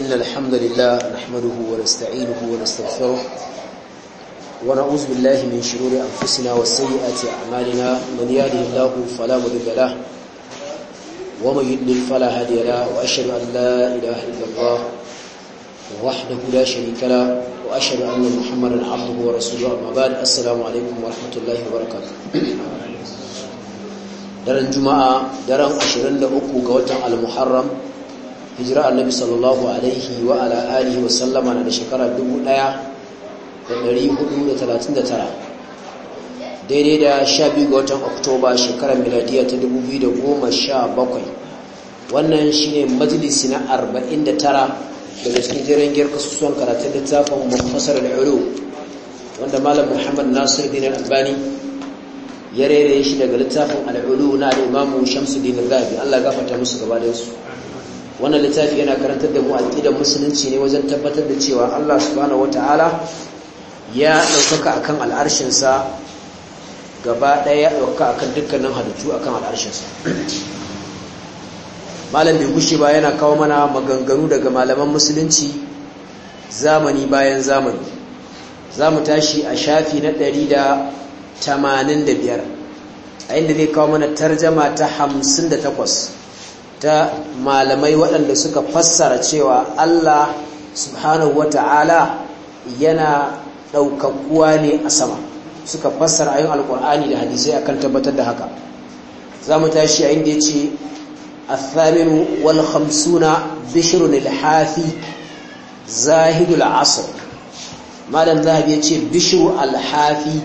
إن الحمد لله نحمده ونستعينه ونستغفره ونعوذ بالله من شرور أنفسنا وسيئات أعمالنا من يهده الله فلا مضل له ومن يضلل فلا هادي له وأشهد أن لا إله إلا الله وحده لا شريك له وأشهد أن محمدا عبده ورسوله أما بعد السلام عليكم ورحمة الله وبركاته daren juma'a daren 23 ga watan al-muharram hijira annabi sallallahu alaihi wa ala alihi wa sallama na da shekara 1439 daidai da 12 ga watan oktoba shekarar miladiya ta 2017 wannan shine majalisi na 49 daga cikin jiran girka susuwan karatun littafin mafasar al'ulu wanda malam muhammad nasir bin albani ya rere shi daga littafin al'ulu na imamu shamsu dinar gabi allah gafata musu gabaninsu wannan littafi yana karantar da mu aqidar musulunci ne wajen tabbatar da cewa Allah subhanahu wataala ya ɗaukaka akan sa, gaba ɗaya ya ɗauka akan dukkanin halittu akan sa malam bai gushe ba yana kawo mana maganganu daga malaman musulunci zamani bayan zamani za mu tashi a shafi na ɗari da tamanin da biyar a inda zai kawo mana tarjama ta hamsin da takwas ta malamai waɗanda suka fassara cewa Allah subhanahu wata'ala yana ɗaukakuwa ne a sama suka fassara ayin alkur'ani da hadisai akan tabbatar da haka za mu tashi a inda ya ce الثامن والخمسون بشر الحافي زاهد malam مالن ya yace bishru alhafi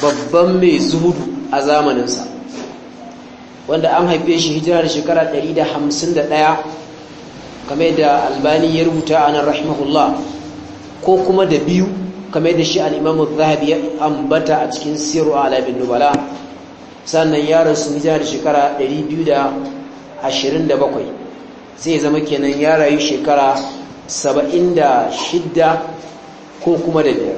babban mai zuhudu a zamaninsa wanda an haife shi hijira da shekara 151 kamar da albani ya rubuta a nan rahimahullah ko kuma da biyu kamar da shi al'imamu zahabi ya ambata a cikin siru a alabin nubala sannan ya rasu hijira da shekara 227 zai zama kenan ya rayu shekara 76 ko kuma da biyar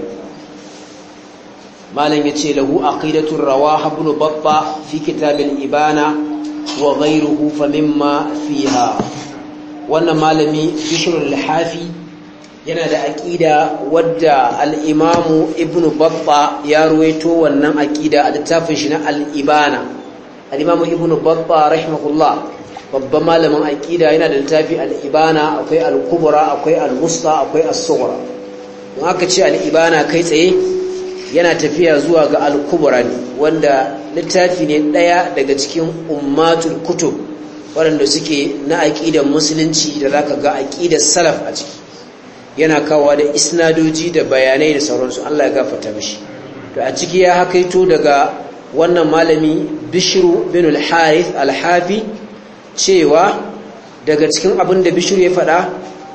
malam ya ce lahu aqidatul rawah ibn babba fi kitabil ibana wa ghayruhu fa mimma fiha wannan malami bishr lihafi yana da aqida wadda al-imam ibnu batta ya ruwaito wannan aqida a littafin shi na al-ibana al-imam ibnu batta rahimahullah babban malamin aƙida yana da littafi al'ibana akwai al'kubura akwai al'usta akwai Asura. don aka ce al'ibana kai tsaye yana tafiya zuwa ga al'kubura ne wanda littafi ne ɗaya daga cikin ummatul kutub waɗanda suke na aƙidar musulunci da za ka ga aƙidar salaf a ciki yana kawo da isnadoji da bayanai da sauransu Allah ya gafata mashi to a ciki ya hakaito daga wannan malami bishiru bin al-Harith al-Hafi cewa daga cikin abin da Bishru ya faɗa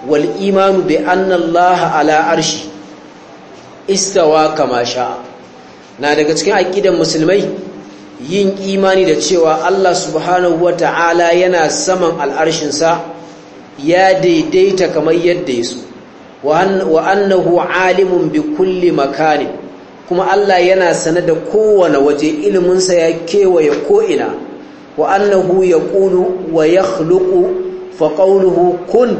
wal imanu bi anna Allah ala arshi istawa kama sha na daga cikin aƙidar musulmai yin imani da cewa Allah subhanahu wa ta'ala yana saman al'arshinsa ya daidaita kamar yadda ya so wa annahu alimun bi kulli makanin kuma Allah yana sane da kowane waje iliminsa ya kewaye ko'ina wa annahu ya ƙulu wa ya hluku faƙaunuhu kun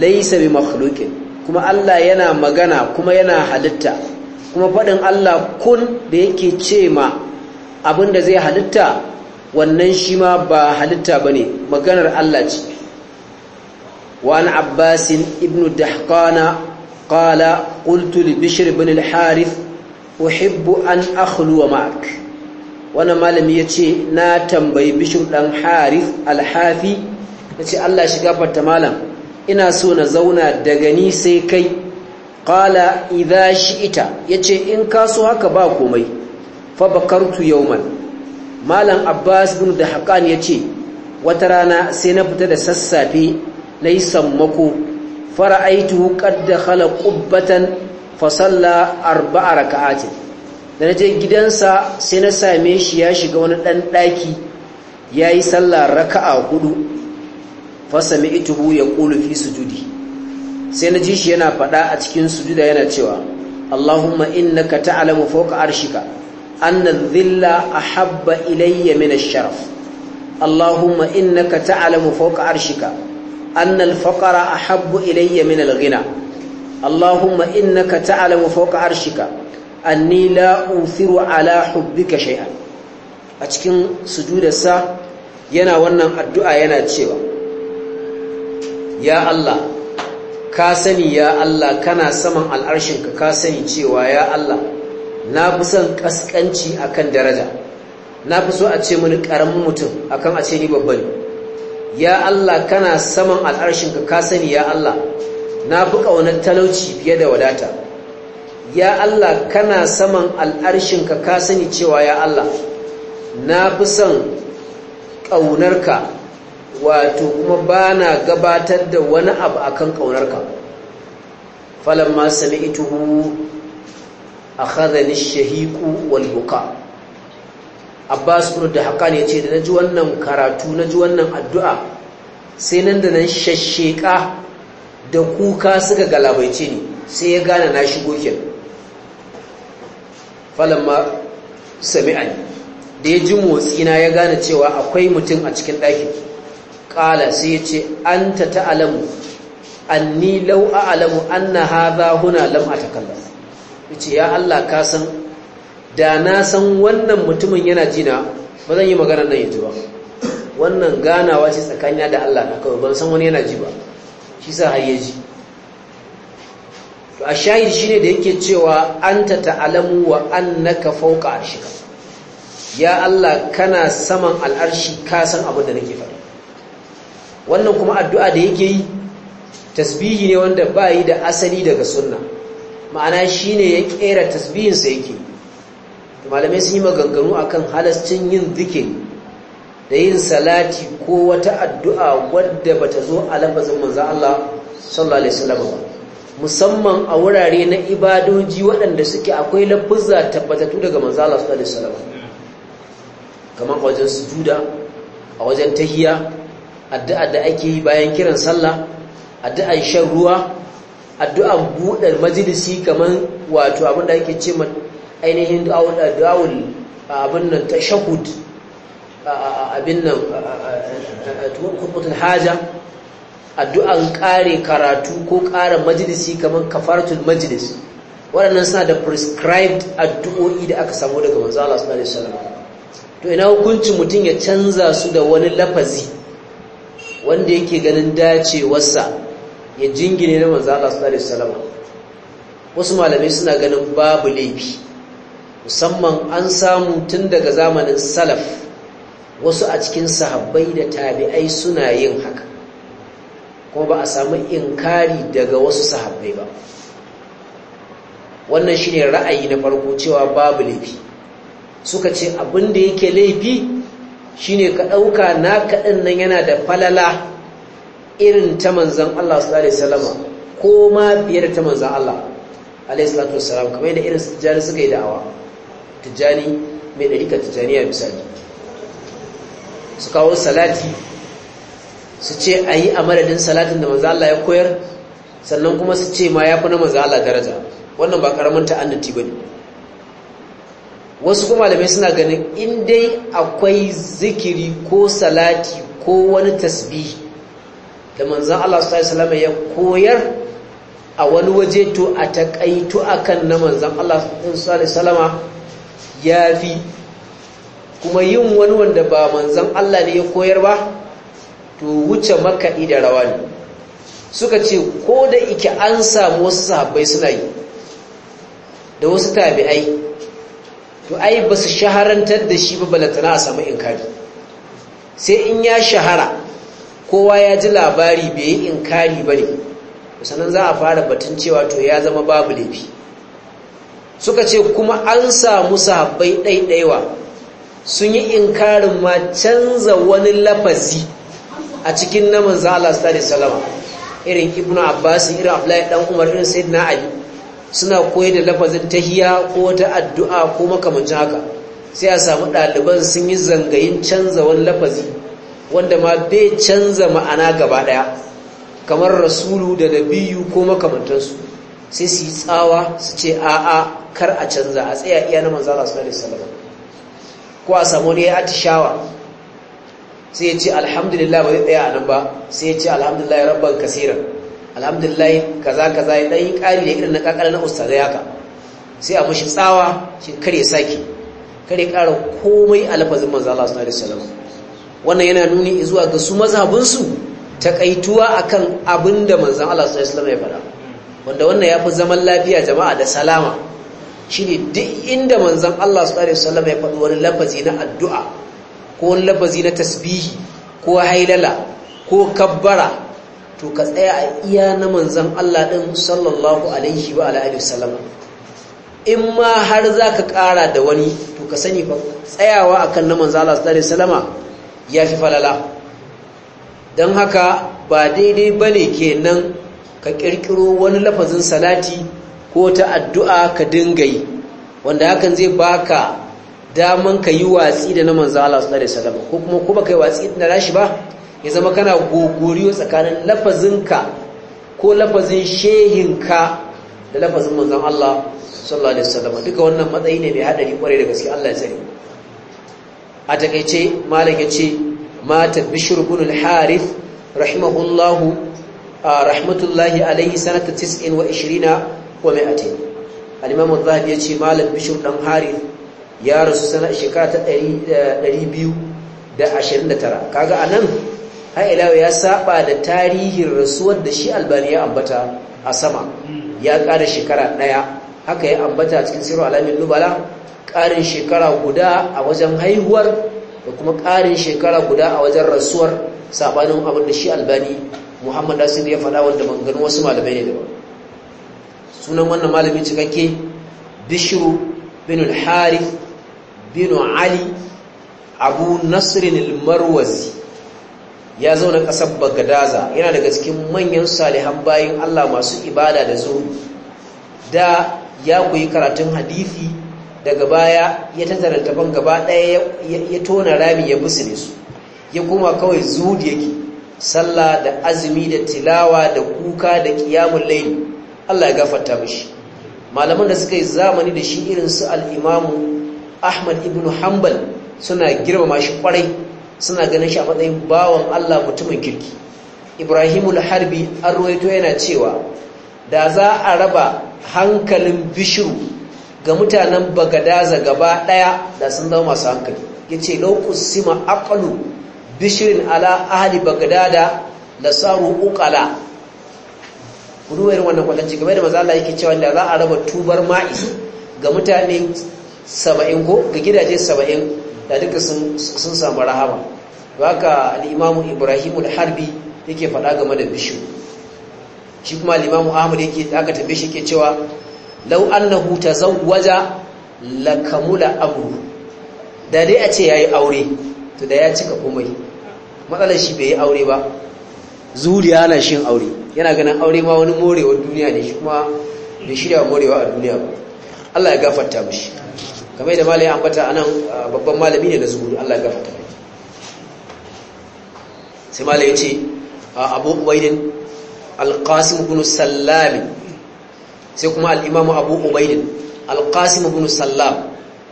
laisa bi makhlukin kuma Allah yana magana kuma yana halitta kuma faɗin Allah kun da yake ce ma abin da zai halitta wannan shi ma ba halitta ba ne maganar Allah ce wani abbasin Ibnu dahkana kala ƙultul bishir bin al-harif uhibbu an akhluwa ma'ak wani malami ya ce na tambayi bishir ɗan harif alhafi ya ce Allah shiga fata malam ina so na zauna daga ni sai kai kala idha shi'ita ya ce in kaso haka ba komai fabakartu yawman malam abbas bin da hakan ce, wata rana sai na fita da sassafe nayi sammako fara qad dakhala qubbatan fa salla arba'a raka'atin da naje gidansa sai na same shi ya shiga wani dan daki yayi sallah raka'a hudu fa sami'tuhu yaqulu fi sujudi sai na ji shi yana faɗa a cikin sujuda yana cewa Allahumma innaka ta'lamu fawqa arshika أن الذل أحب إلي من الشرف اللهم إنك تعلم فوق عرشك أن الفقر أحب إلي من الغنى اللهم إنك تعلم فوق عرشك أني لا أوثر على حبك شيئا أتكن سجود الساعة yana wannan addu'a yana cewa ya Allah ka sani ya Allah kana saman al'arshinka ka sani cewa ya Allah na fi son kaskanci kan daraja na fi so a ce mini karamin mutum akan a ce ni babban ya Allah kana saman al'arshinka ka sani ya Allah na fi ƙaunar talauci fiye da wadata ya Allah kana saman al'arshinka ka sani cewa ya Allah na fi son ƙaunarka wato kuma ba na gabatar da wani abu akan ƙaunarka falamma sami'tuhu akhadhani ash-shahiqu wal buka Abbas ibn Dahqan yace da naji wannan karatu naji wannan addu'a sai nan da nan shashsheka da kuka suka galabaice ni sai ya gane na shigo kin falamma sami'an da ya ji motsina ya gane cewa akwai mutum a cikin ɗakin ƙala sai ya ce an ta'lamu anni law ni lau hadha an na huna lam atakallam yace ya Allah ka san da na san wannan mutumin yana jina ba zan yi magana nan yanzu ba wannan ganawa ce tsakanya da Allah na kawai ban san wani yana ji ba shi sa har yaji to a shi shine da yake cewa ta ta'alamu wa an fauka a arshika ya Allah kana saman al'arshi ka san abin da nake faɗi wannan kuma addu'a da yake yi tasbihi ne wanda ba yi da asali daga sunna ma'ana shine ya kera sa yake malamai sun yi maganganu akan halascin yin zikiri da yin salati ko wata addu'a wadda bata zo a lafazin manzan Allah sallallahu alaihi wasallam ba musamman a wurare na ibadoji waɗanda suke akwai lafuzza tabbatattu daga maza Allah sallallahu alaihi wasallam kamar wajen sujuda a wajen tahiya addu'a da ake yi bayan kiran sallah addu'ar shan ruwa addu'an buɗar majalisi kamar wato abinda ake ce ma ainihin du'awul abin nan ta shahud abin nan kubutul haja addu'an ƙare karatu ko ƙara majalisi kamar kafartun majalis waɗannan suna da prescribed addu'o'i da aka samu daga manzala su ɗari salama to ina hukuncin mutum ya canza su da wani lafazi wanda yake ganin dacewarsa ya jingine na manzo Allah sallallahu alaihi wasallam wasu malamai suna ganin babu laifi musamman an samu tun daga zamanin salaf wasu a cikin sahabbai da tabi'ai suna yin haka kuma ba a samu inkari daga wasu sahabbai ba wannan shine ra'ayi na farko cewa babu laifi suka ce abin da yake laifi shine ka dauka na kaɗin nan yana da falala irin ta manzan Allah su alaihi salama, ko ma fiye da ta manzan Allah alaihi salatu wasalam kamar yadda irin tijjani suka yi da'awa tijjani mai ɗarika tijjaniya misali su kawo salati su ce a yi a madadin salatin da manzan Allah ya koyar sannan kuma su ce ma ya fi na manzan Allah daraja wannan ba karamin ta'annati ba ne wasu kuma malamai suna ganin in dai akwai zikiri ko salati ko wani tasbihi da manzan Allah su ta ya koyar a wani waje to a takaitu akan na manzan Allah su salama ya fi kuma yin wani wanda ba manzan Allah ne ya koyar ba to wuce makaɗi da rawa ne suka ce ko da ike an samu wasu sahabbai suna yi da wasu tabi'ai to ai ba su shaharantar da shi ba balatana a samu inkari sai in ya shahara kowa ya ji labari bai yi inkari ba ne sannan za a fara batun cewa to ya zama babu laifi suka ce kuma an samu sahabbai ɗaiɗaiwa sun yi inkarin ma canza wani lafazi a cikin namun zala Allah salama irin ibn abbas irin abdullahi dan umar irin sayyidina ali suna koyar da lafazin tahiya ko wata addu'a ko makamancin haka sai a samu ɗaliban sun yi zangayin canza wani lafazi wanda ma bai canza ma'ana gaba daya kamar rasulu da nabiyu ko makamantansu sai su yi tsawa su ce a'a kar a canza a tsaya iya na manzala su nari salama, ko a samu ne ya atishawa sai ya ce alhamdulillah ba zai tsaya a nan ba sai ya ce alhamdulillah rabban kasira alhamdulillah kaza kaza ya dan yi kari da irin na kakar na ustazai haka sai a mashi tsawa shi kare saki kare ƙara komai a lafazin manzala sallallahu alaihi salama. wannan yana nuni zuwa ga su mazhabinsu takaituwa akan abin da manzan Allah su Islam ya faɗa wanda wannan ya fi zaman lafiya jama'a da salama ne duk inda manzan Allah sallallahu salama ya faɗi wani lafazi na addu'a ko wani lafazi na tasbihi ko hailala ko kabbara to ka tsaya a iya na manzan Allah ɗin sallallahu alaihi wa alaihi wasallam in ma har za ka ƙara da wani to ka sani ba tsayawa akan na manzan Allah su alaihi salama ya fi falala don haka ba daidai ba ne kenan ka ƙirƙiro wani lafazin salati ko ta addu'a ka dinga yi wanda hakan zai ba ka daman ka yi watsi da na manzan su salama ko kuma kuma ka yi watsi da rashi ba ya zama kana gogoriyo tsakanin lafazinka ko lafazin shehinka da lafazin manzan Allah sallallahu alaihi wasallam duka wannan matsayi ne mai haɗari kwarai da gaske Allah ya tsare a takaice malam yace mata bishr ibn al-harith rahimahullahu rahmatullahi alayhi sanata 29 wa 200 al-imam az-zahabi yace malam bishr dan haris ya rasu sana shekara ta 229 eh, kaga nan ha'ilawa ya saba da tarihin rasuwar da shi albani ya ambata a sama ya ƙara shekara ɗaya haka ya ambata cikin siru alamin nubala ƙarin shekara guda a wajen haihuwar da kuma ƙarin shekara guda a wajen rasuwar sabanin abin da shi albani muhammad nasir ya faɗa wanda mangan wasu malamai ne daban sunan wannan malami cikakke bishiru bin al hari bin ali abu nasirin marwazi ya zauna ƙasar bagadaza yana daga cikin manyan salihan bayan allah masu ibada da zuhu da ya koyi karatun hadithi daga baya ya tattara littafan gaba ɗaya ya tona rami ya musulmi su ya kuma kawai zuhud yake sallah da azumi da tilawa da kuka da kiyamun laini Allah ya gafarta mishi malaman da suka yi zamani da shi irin su al imamu Ahmad ibn Hanbal suna girmama shi kwarai suna ganin shi a matsayin bawan Allah mutumin kirki Ibrahimul Harbi an ruwaito yana cewa da za a raba hankalin bishiru ga mutanen bagadaza gaba ɗaya da sun zama masu hankali yace lokus sima aqlu bishirin ala ahali bagadada da saru ukala kudu wannan kwatanci game da mazala Allah yake cewa da za a raba tubar ma'i ga mutane saba'in ko ga gidaje saba'in da duka sun samu rahama haka al'imamu Ibrahimu Ibrahim da harbi yake faɗa game da bishiyu. shi kuma al Ahmad yake aka tambaye shi ke cewa lau annahu tazawwaja lakamula amru da dai a ce yayi aure to da ya cika komai matsalar shi bai yi aure ba zuriya na shin aure yana ganin aure ma wani morewar duniya ne shi kuma bai shirya morewa a duniya ba Allah ya gafarta mishi kamar da malai ambata anan babban malami ne na zuhuri Allah ya gafarta mai sai malai ya ce abu ubaidin alqasim ibn sallam sai kuma al’imamu abu ubaidin al abu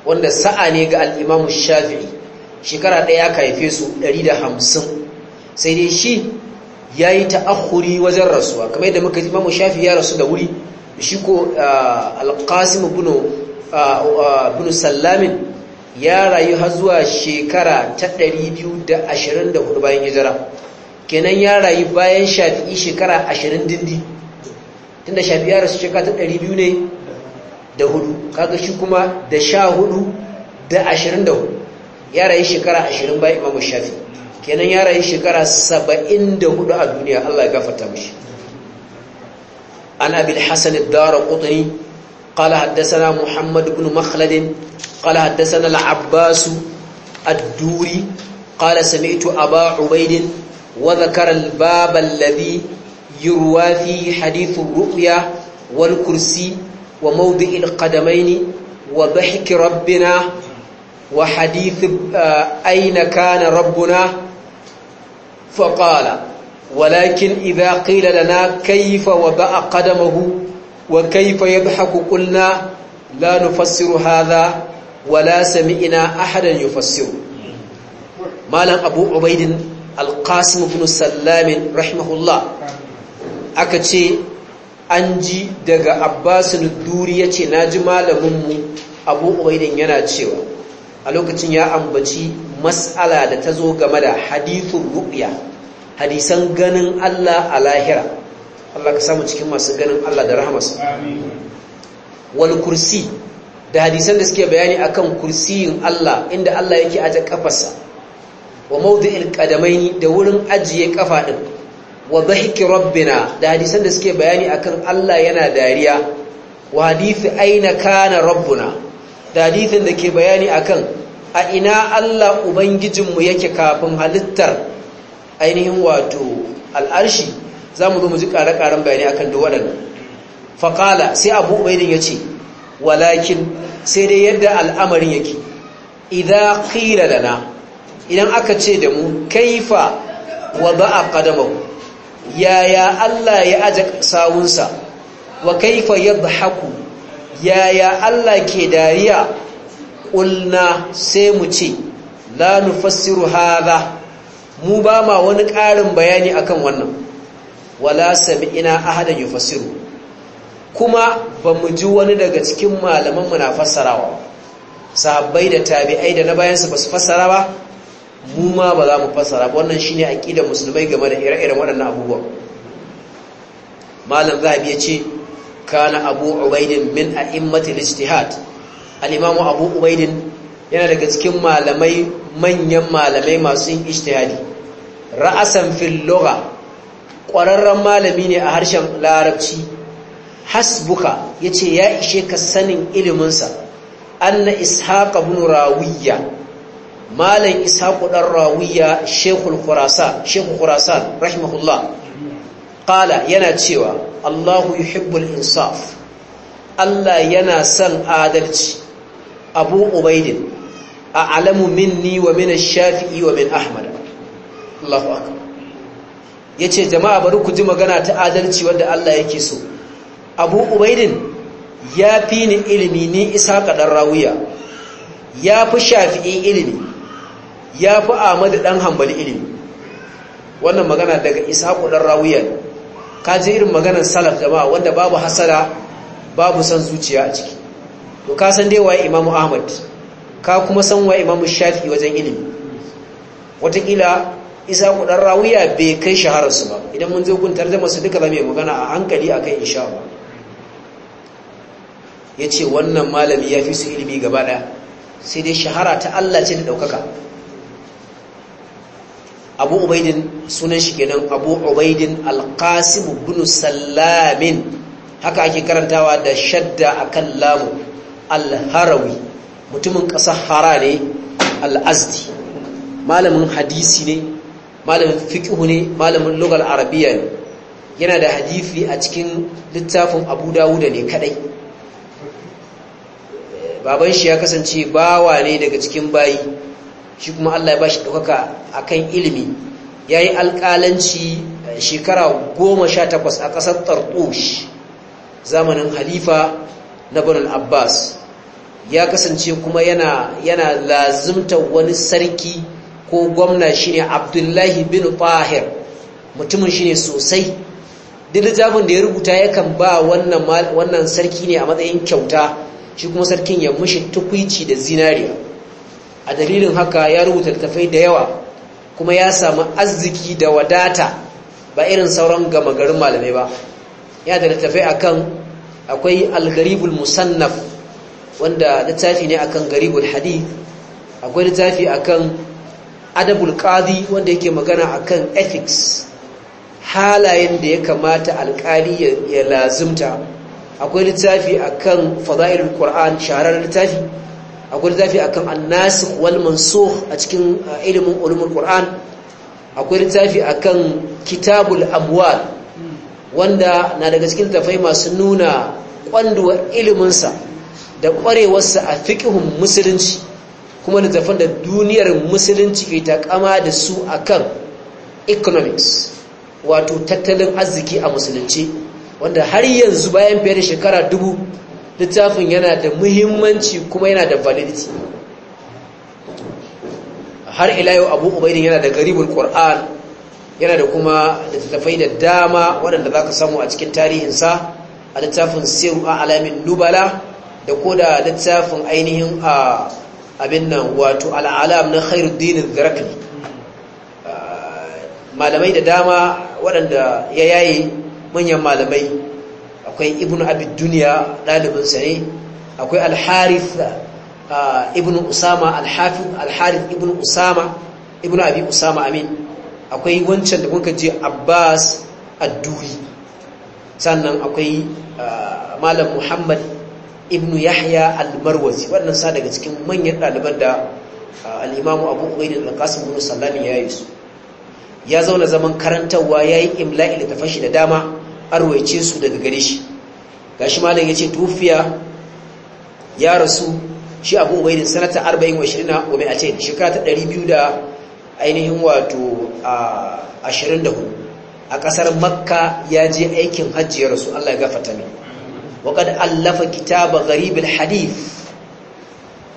wanda sa'a ne ga al’imamu shafi'i shekara ɗaya ya haife su 150 sai dai shi ya yi ta'akuri wajen rasuwa kamar yadda muka imamu shafi ya rasu da wuri shi ko ah, al abu ah, ah, ya rayu har zuwa shekara ta 224 bayan hijira kenan ya rayu bayan shafi'i shekara 20 dindi tunda shafi ya rasu shekara ta ɗari biyu ne da hudu kaga shi kuma da sha hudu da ashirin da hudu ya rayu shekara ashirin bayan imamu shafi kenan ya rayu shekara saba'in da hudu a duniya allah ya gafarta mashi an abil hasan dara kutani قال muhammad محمد بن مخلد قال حدثنا العباس الدوري قال سمعت أبا عبيد وذكر الباب الذي يروى فيه حديث الرؤيا والكرسي وموضع القدمين وضحك ربنا وحديث أين كان ربنا فقال ولكن إذا قيل لنا كيف وبأ قدمه وكيف يضحك قلنا لا نفسر هذا ولا سمعنا أحدا يفسره مالا أبو عبيد القاسم بن سلام رحمه الله aka ce an ji daga abbasin duri ya ce na ji malaminmu abu ubaidin yana cewa a lokacin ya ambaci mas'ala da ta zo game da hadithun ru'ya hadisan ganin allah a lahira allah ka samu cikin masu ganin allah da rahamas Wani kursi da hadisan da suke bayani akan kursiyin allah inda allah yake aje kafarsa wa maudu'il qadamaini da wurin ajiye kafa din wa dhahiki rabbina da hadisan da suke bayani akan Allah yana dariya wa hadisi aina kana rabbuna da hadisin da ke bayani akan a ina Allah ubangijinmu yake kafin halittar ainihin wato al'arshi zamu zo mu ji ƙare-ƙaren bayani akan duk waɗannan Faƙala, sai Abu Ubaidin yace walakin sai dai yadda al'amarin yake idza da na, idan aka ce da mu kaifa a qadamahu yaya Allah ya aje sawunsa wa kaifa yadhaku yaya Allah ke dariya qulna sai mu ce la nufassiru hadha mu ba ma wani ƙarin bayani akan wannan wala sami'ina ahadan yufassiru kuma ba mu ji wani daga cikin malaman mu na fassarawa sahabbai da tabi'ai da na bayansu ba su fassara ba mu ma ba za mu fassara wannan shine aqidar musulmai game da ire-iren waɗannan abubuwa malam zahabi ya ce kana abu ubaidin min a'immatil ijtihad al imam abu ubaidin yana daga cikin malamai manyan malamai masu yin ijtihadi ra'asan fil lugha ƙwararren malami ne a harshen larabci hasbuka yace ya ishe ka sanin iliminsa anna ishaq ibn rawiya malam isaku dan rawiya shekul khurasa shekul khurasan rahimahullah qala yana cewa Allahu yuhibbul insaf Allah yana son adalci Abu Ubaid a'lamu minni wa min shafii wa min Ahmad Allahu Ya ce jama'a bari ku ji magana ta adalci wanda Allah yake so Abu Ubaidin ya fi ni ilimi ni Isa dan rawiya ya fi Shafi'i ilimi ya fi Amadu ɗan hambali ilimi wannan magana daga isa ɗan rawiyar ka irin maganar salaf jama'a wanda babu hasara babu san zuciya a ciki to ka san dai waye imamu ahmad ka kuma san waye imamu shafi wajen ilimi watakila isa ɗan rawiya bai kai shahararsu ba idan mun zo kun da masu duka zama magana a hankali a kai insha ba ya ce wannan malami ya fi su ilimi gaba ɗaya sai dai shahara ta Allah ce da ɗaukaka abu ubaidin sunan shi kenan abu ubaidin alqasim ibn sallamin haka ake karantawa da shadda akan lamu alharawi mutumin ƙasar hara ne al'azdi malamin hadisi ne malamin fiqhu ne malamin lugal arabiya ne yana da hadisi a cikin littafin abu dawuda ne kadai baban shi ya kasance bawa ne daga cikin bayi shi kuma Allah ya bashi ɗaukaka kan ilimi ya yi alƙalanci eh, shekara goma sha takwas a ƙasar tartush zamanin halifa na banin abbas ya kasance kuma yana yana lazimta wani sarki ko gwamna shine abdullahi bin tahir mutumin shine sosai duk littafin da ya rubuta yakan ba wannan wannan sarki ne a matsayin kyauta shi kuma sarkin ya mushi tukwici da zinariya a dalilin haka ya rubuta littafai da yawa kuma ya samu arziki da wadata ba irin sauran gama garin malamai ba ya da littafai akan akwai algaribul musannaf wanda littafi ne akan garibul hadith akwai littafi akan adabul qadi wanda yake magana akan ethics halayen da ya kamata alkali ya lazimta akwai littafi akan fadailul qur'an shahararren littafi akwai littafi akan annasikh wal a cikin uh, ilimin ulumul qur'an akwai littafi kan kitabul abwal wanda na daga cikin tafai masu nuna kwanduwa iliminsa da ƙwarewarsa a fikihun musulunci kuma zafin da duniyar musulunci ke takama da su akan economics wato tattalin arziki a musulunci wanda har yanzu bayan fiye da shekara dubu littafin yana da muhimmanci kuma yana da validity har ila yau abu ubaidin yana da garibul qur'an yana da kuma littattafai da dama waɗanda za ka samu a cikin tarihinsa a littafin siru a alamin nubala da ko da littafin ainihin a abin nan wato al'alam na khairuddin zarafi. malamai da dama waɗanda ya yaye manyan malamai akwai ibn abid duniya ɗalibin sa ne akwai alharif ibn usama al-hafiz ibn usama ibn abi usama amin akwai wancan da kuka je abbas adduri sannan akwai malam muhammad ibn yahya al-marwazi wannan sa daga cikin manyan ɗaliban da al-imamu abu ubaid al-qasim ibn sallami ya yi su ya zauna zaman karantarwa yayi imla'i da tafashi da dama arwaice su daga gare shi gashi malam yace tufiya ya rasu shi abu ubaidin sanata 40 wa 20 wa mai a ce shekara ta 200 da ainihin wato a 24 a kasar makka ya je aikin hajji ya rasu Allah ya gafarta ne wa qad allafa kitaba gharib hadith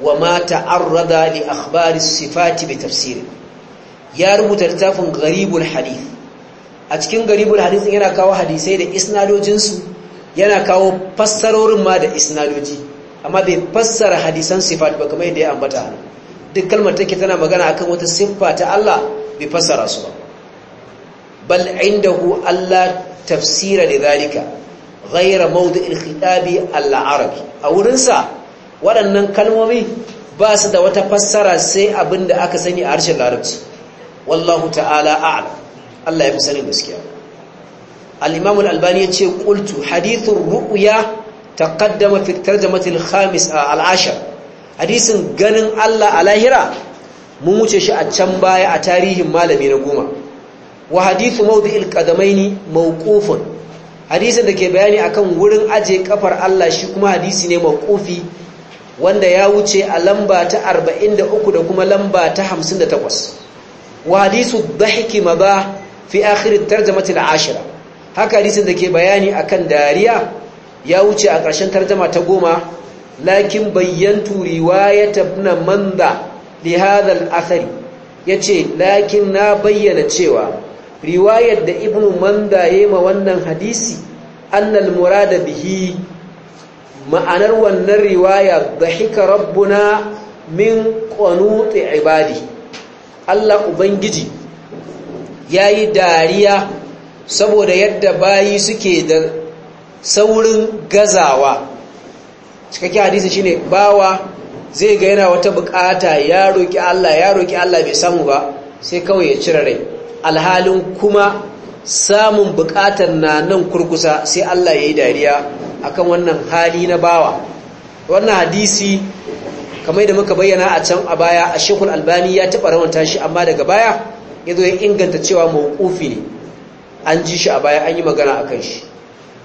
wa mata ta'arrada li akhbari sifati bi tafsir ya rubuta littafin gharib hadith. a cikin garibul hadisin yana kawo hadisai da isnadojinsu yana kawo fassarorin ma da isnadoji amma bai fassara hadisan sifat ba kamar yadda ya ambata hannu duk kalmar take tana magana akan wata siffa ta Allah bai fassara su ba bal indahu Allah tafsira da zalika ghaira mawdi'il khitabi al-arabi a wurinsa waɗannan kalmomi ba su da wata fassara sai abin da aka sani a harshen larabci wallahu ta'ala a'lam Allah ya fi sanin gaskiya albani ya ce qultu ru'uya ta kaddama fitar da al-khamis a ashar hadisin ganin Allah a lahira mun wuce shi a can baya a tarihin malami na goma wa hadithu mawdi'il qadamaini mawqufun hadisin da ke bayani akan wurin aje kafar Allah shi kuma hadisi ne mawqufi wanda ya wuce a lamba ta 43 da kuma lamba ta 58 wa ba dhahiki ba. fi akhirin tarjamatul ashira haka hadisin da ke bayani akan dariya ya wuce a ƙarshen tarjama ta goma lakin bayyantu riwayat ibn manda li hadha al-athari yace lakin na bayyana cewa riwayar da ibn manda yayi ma wannan hadisi annal murada bihi ma'anar wannan riwaya dhahika rabbuna min qanuti ibadi Allah ubangiji ya yi dariya saboda yadda bayi suke da saurin gazawa cikakken hadisi shine bawa zai ga yana wata bukata ya roki Allah ya roki Allah bai samu ba sai kawai ya cire rai alhalin kuma samun bukatar na nan kurkusa sai Allah ya yi dariya akan wannan hali na bawa wannan hadisi kamar da muka bayyana a can a baya a shekul albani ya taɓa rawanta shi amma daga baya ya zo ya inganta cewa mawqufi ne an ji shi a baya an yi magana a kan shi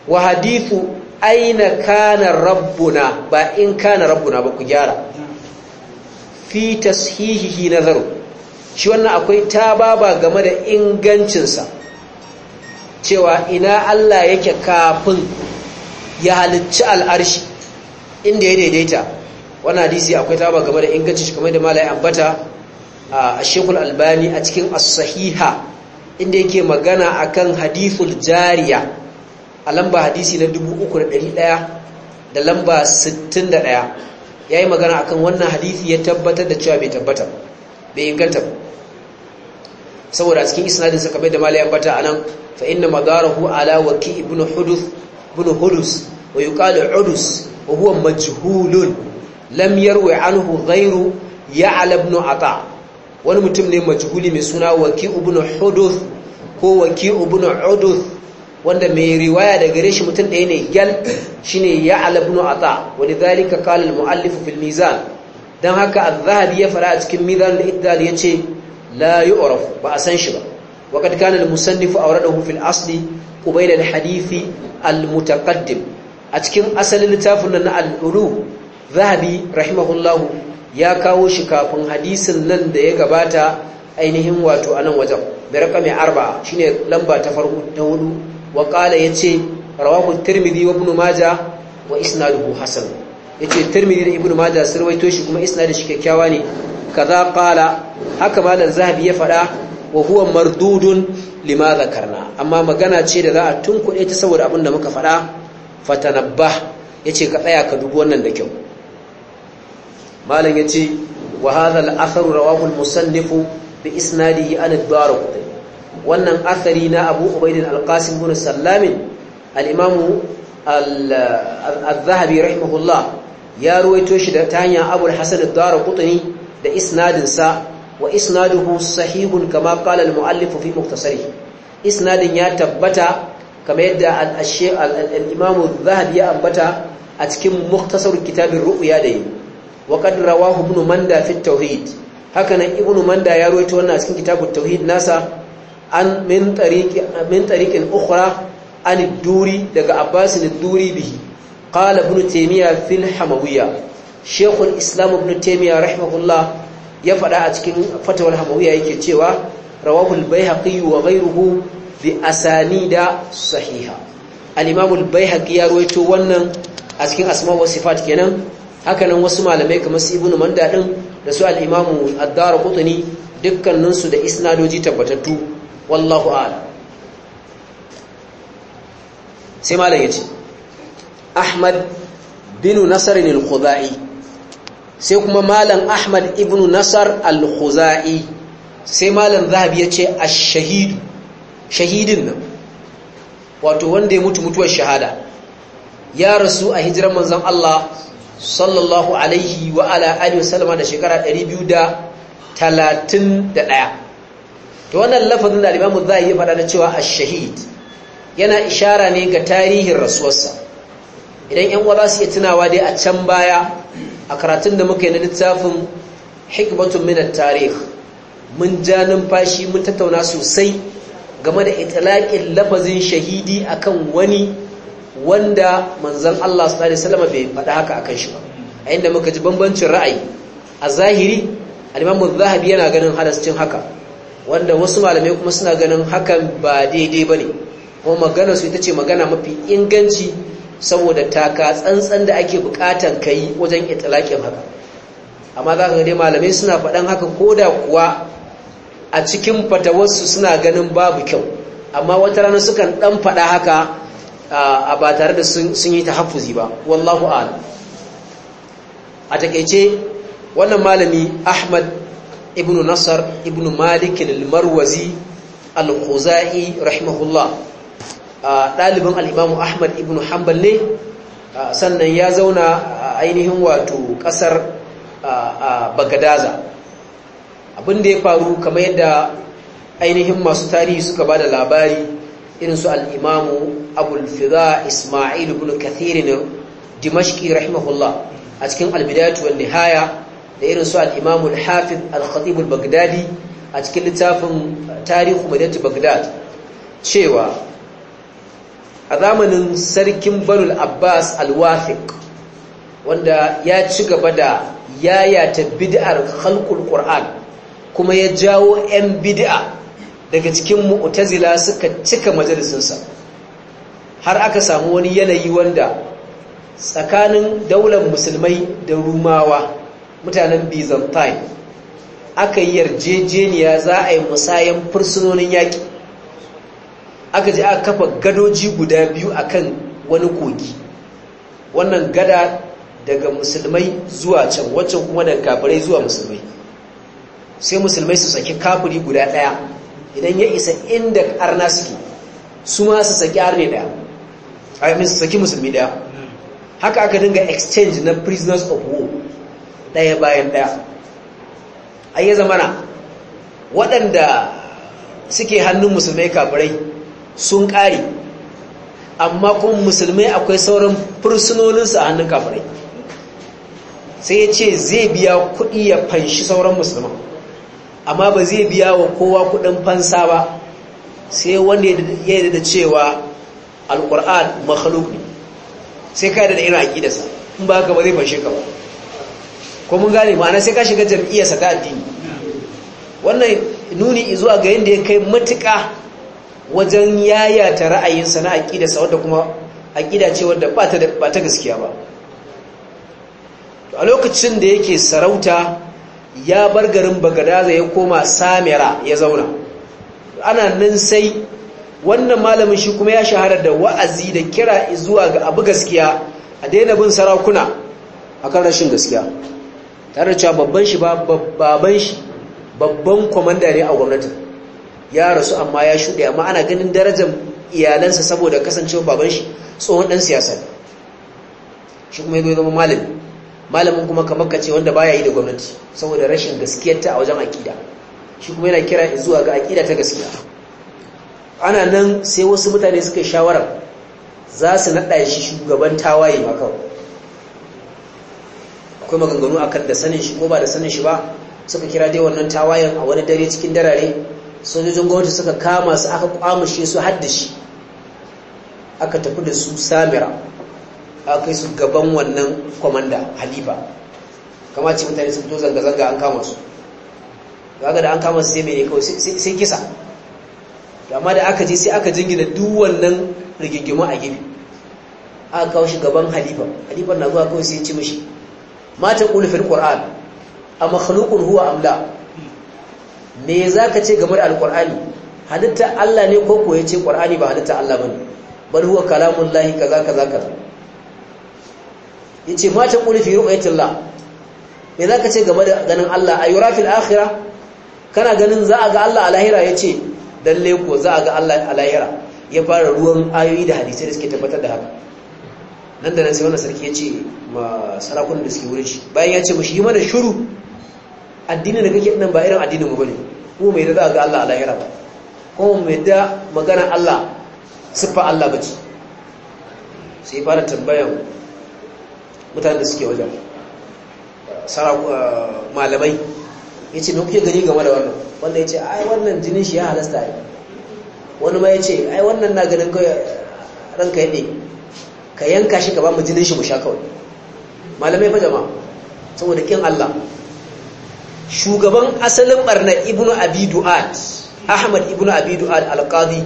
wa hadithu aina kana rabbuna ba in kana rabbuna ba ku gyara fi tashihihi nazaru shi wannan akwai tababa game da ingancinsa cewa ina Allah yake kafin ya halicci al'arshi inda ya daidaita wannan hadisi akwai tababa game da ingancinsa kamar da malai ambata a shekul albani a cikin as-sahiha inda yake magana akan hadithul jariya a lamba hadisi na 3100 da lamba 61 yayi magana akan wannan hadisi ya tabbatar da cewa bai tabbata bai inganta ba saboda cikin isnadin sa kamar da ya bata anan fa inna madarahu ala waki ibn huduth ibn hudus wa yuqalu hudus wa huwa majhulun lam yarwi anhu ghayru ya'la ibn ata wani mutum ne majhuli mai suna waki ibn huduth ko waki ibn uduth wanda mai riwaya daga gare shi mutum ɗaya ne gal shine ya'al ibn ata wa lidhalika qala al-mu'allif fi al-mizan dan haka az-zahabi ya fara cikin mizan da iddal yace la yu'raf ba a san shi ba wa kad kana al-musannif awradahu fi al-asli qabil al-hadith al-mutaqaddim a cikin asalin littafin na al-ulum zahabi rahimahullahu ya kawo shi kafin hadisin nan da ya gabata ainihin wato a nan wajen da mai arba shine lamba ta farko ta hudu wa ya ce, rawakun tirmidhi wa ibn maja wa buhassan Ya ce tirmidhi da ibn maja sun rawaito shi kuma da shi kyakkyawa ne kaza kala haka malam zahabi ya faɗa, wa huwa mardudun lima karna amma magana ce da za a tunkuɗe ta saboda abin da muka fada ya ce ka tsaya ka dubi wannan da kyau malam yace wa hadha asaru rawahu al-musannif bi isnadihi an ad-darqutni wannan athari na Abu Ubayd al-Qasim ibn Sallam al-Imam al-Dhahabi rahimahullah ya ruwaito shi da ta hanyar Abu al-Hasan ad-Darqutni da isnadin sa wa isnaduhu sahihun kama qala al-mu'allif fi mukhtasarihi isnadin ya tabbata kama yadda al-Imam al-Dhahabi ya ambata a cikin mukhtasar kitabin ru'ya da yi wa qad rawahu ibn manda fi tauhid haka nan ibn manda ya rawaito wannan a cikin kitabut tauhid nasa an min tariqi min tariqin ukhra an ad-duri daga abbas ad-duri bihi qala ibn taymiya fil hamawiyya shaykhul islam ibn taymiya rahimahullah ya faɗa a cikin fatawar hamawiyya yake cewa rawahu al-baihaqi wa ghayruhu bi asanida sahiha al-imam al-baihaqi ya rawaito wannan a cikin asma wa sifat kenan hakanan wasu malamai kamar su ibnu manda din da su al-imamu ad qutni dukkanin su da isnadoji tabbatattu wallahu a'lam sai malam yace ahmad bin nasr al-khuzai sai kuma malam ahmad ibnu nasr al-khuzai sai malam zahabi yace ash-shahid shahidin nan wato wanda ya mutu mutuwar shahada ya rasu a hijirar manzon Allah sallallahu alaihi wa ala alihi wasallama da shekara 231 to wannan lafazin da al-Imam Zahiri ya faɗa da cewa ash-shahid yana ishara ne ga tarihin rasuwarsa idan ƴan uwa su yi tunawa dai a can baya a karatun da muka yi na littafin hikmatun min at-tarikh mun ja numfashi mun tattauna sosai game da itlaqin lafazin shahidi akan wani wanda manzon Allah su alaihi salama bai faɗa haka akan shi ba a inda muka ji bambancin ra'ayi a zahiri alimamu zahabi yana ganin halascin haka wanda wasu malamai kuma suna ganin hakan ba daidai ba ne, kuma magana su ita ce magana mafi inganci saboda taka tsantsan da ake bukatan kai wajen itlaqin haka amma za ka dai malamai suna faɗan haka ko da kuwa a cikin fatawarsu suna ganin babu kyau amma wata rana sukan ɗan faɗa haka a ba tare da sun yi ta tahaffuzi ba wallahu ala a takaice wannan malami Ahmad ibn Nasar ibn Malik al-Marwazi al-Khuzai rahimahullah daliban al Ahmad ibn Hanbal ne sannan ya zauna ainihin wato kasar Bagadaza abinda da ya faru kamar yadda ainihin masu tarihi suka ba da labari irin su al abul isma'il ibn kathir ne dimashqi rahimahullah a cikin al-bidayatu nihaya da irin su al-imam al-hafiz al-khatib al-baghdadi a cikin littafin tarihu madinatu baghdad cewa a zamanin sarkin banul abbas al-wafiq wanda ya ci gaba da yayata bid'ar khalqul qur'an kuma ya jawo 'yan bid'a daga cikin mu'tazila suka cika majalisinsa har aka samu wani yanayi wanda tsakanin daular musulmai da rumawa mutanen byzantine aka yi yarjejeniya za a yi musayen fursunonin yaƙi aka ji aka kafa gadoji guda biyu kan wani kogi wannan gada daga musulmai zuwa can wacce kuma daga kafirai zuwa musulmai sai musulmai su saki kafiri guda ɗaya idan ya isa inda arna suke su ma su saki arne ɗaya ai saki musulmi daya haka aka dinga exchange na prisoners of war daya bayan daya a ya zamana waɗanda suke hannun musulmai kafirai sun ƙare amma kuma musulmai akwai sauran fursunoninsu a hannun kafirai sai ya ce zai biya kuɗi ya fanshi sauran musulman amma ba zai biya wa kowa kuɗin fansa ba sai wanda ya da cewa Alƙur'an makhluk sai ka yadda da irin in ba haka ba zai fashe ka ba ko mun gane ma'ana sai ka shiga jam'iyyarsa ta addini wannan nuni zuwa ga yadda ya kai matuka wajen yayata ra'ayinsa na aƙidarsa wadda kuma aƙida ce wadda ba ta gaskiya ba a lokacin da yake sarauta ya bar garin bagadaza ya koma samira ya zauna ana nan sai wannan malamin shi kuma ya shahara da wa'azi da kira zuwa ga abu gaskiya a daina bin sarakuna kan rashin gaskiya tare da cewa babban shi baban shi babban kwamanda ne a gwamnati ya rasu amma ya shuɗe amma ana ganin darajar iyalansa saboda kasancewa baban shi tsohon ɗan siyasa shi kuma ya zama malami malamin kuma kamar kace wanda baya yi da gwamnati saboda rashin gaskiyarta a wajen aƙida shi kuma yana kira zuwa ga aƙida ta gaskiya ana nan sai wasu mutane suka yi shawarar za su naɗa shi shugaban tawaye makawa akwai maganganu a kan da sanin shi ko ba da sanin shi ba suka kira dai wannan tawayen a wani dare cikin darare sojojin gwamnati suka kama su aka kwamushe su hadda shi aka tafi da su samira aka kai su gaban wannan kwamanda halifa kama ce mutane sun fito zanga-zanga an kama su ga da an kama su sai mai ne kawai sai kisa amma da aka je sai aka jingina duk wannan rigingimu a gini. aka kawo shi gaban halifa halifa na zuwa kawai sai ya ci mashi. mata kuli fil qur'an a makhluqun huwa amla me zaka ce game da alqur'ani hadatta Allah ne ko ko yace qur'ani ba hadatta Allah bane bal huwa lahi kaza kaza kaza yace mata kuli fi ru'yatillah me zaka ce game da ganin Allah ayura fil akhirah kana ganin za a ga Allah a lahira yace dan ko za a ga Allah a lahira ya fara ruwan ayoyi da hadisai da suke tabbatar da haka nan da nan sai wannan sarki ya ce ma sarakun da suke wurin shi bayan ya ce mushi shi mana shuru addini da kake nan ba irin addinin mu bane ko mai da za a ga Allah a lahira ba ko mai da magana Allah siffa Allah bace sai fara tambayan mutanen da suke wajen sarakun eh, malamai yace me kuke gani game da wannan wanda ya ce ai wannan jinin shi ya halasta ne wani ma ya ce ai wannan na ganin kawai ranka ya ne ka yanka shi ka ba mu jinin shi mu sha kawai malamai fa jama'a saboda kin Allah shugaban asalin barna ibnu abi du'ad ahmad ibnu abi du'ad al-qadi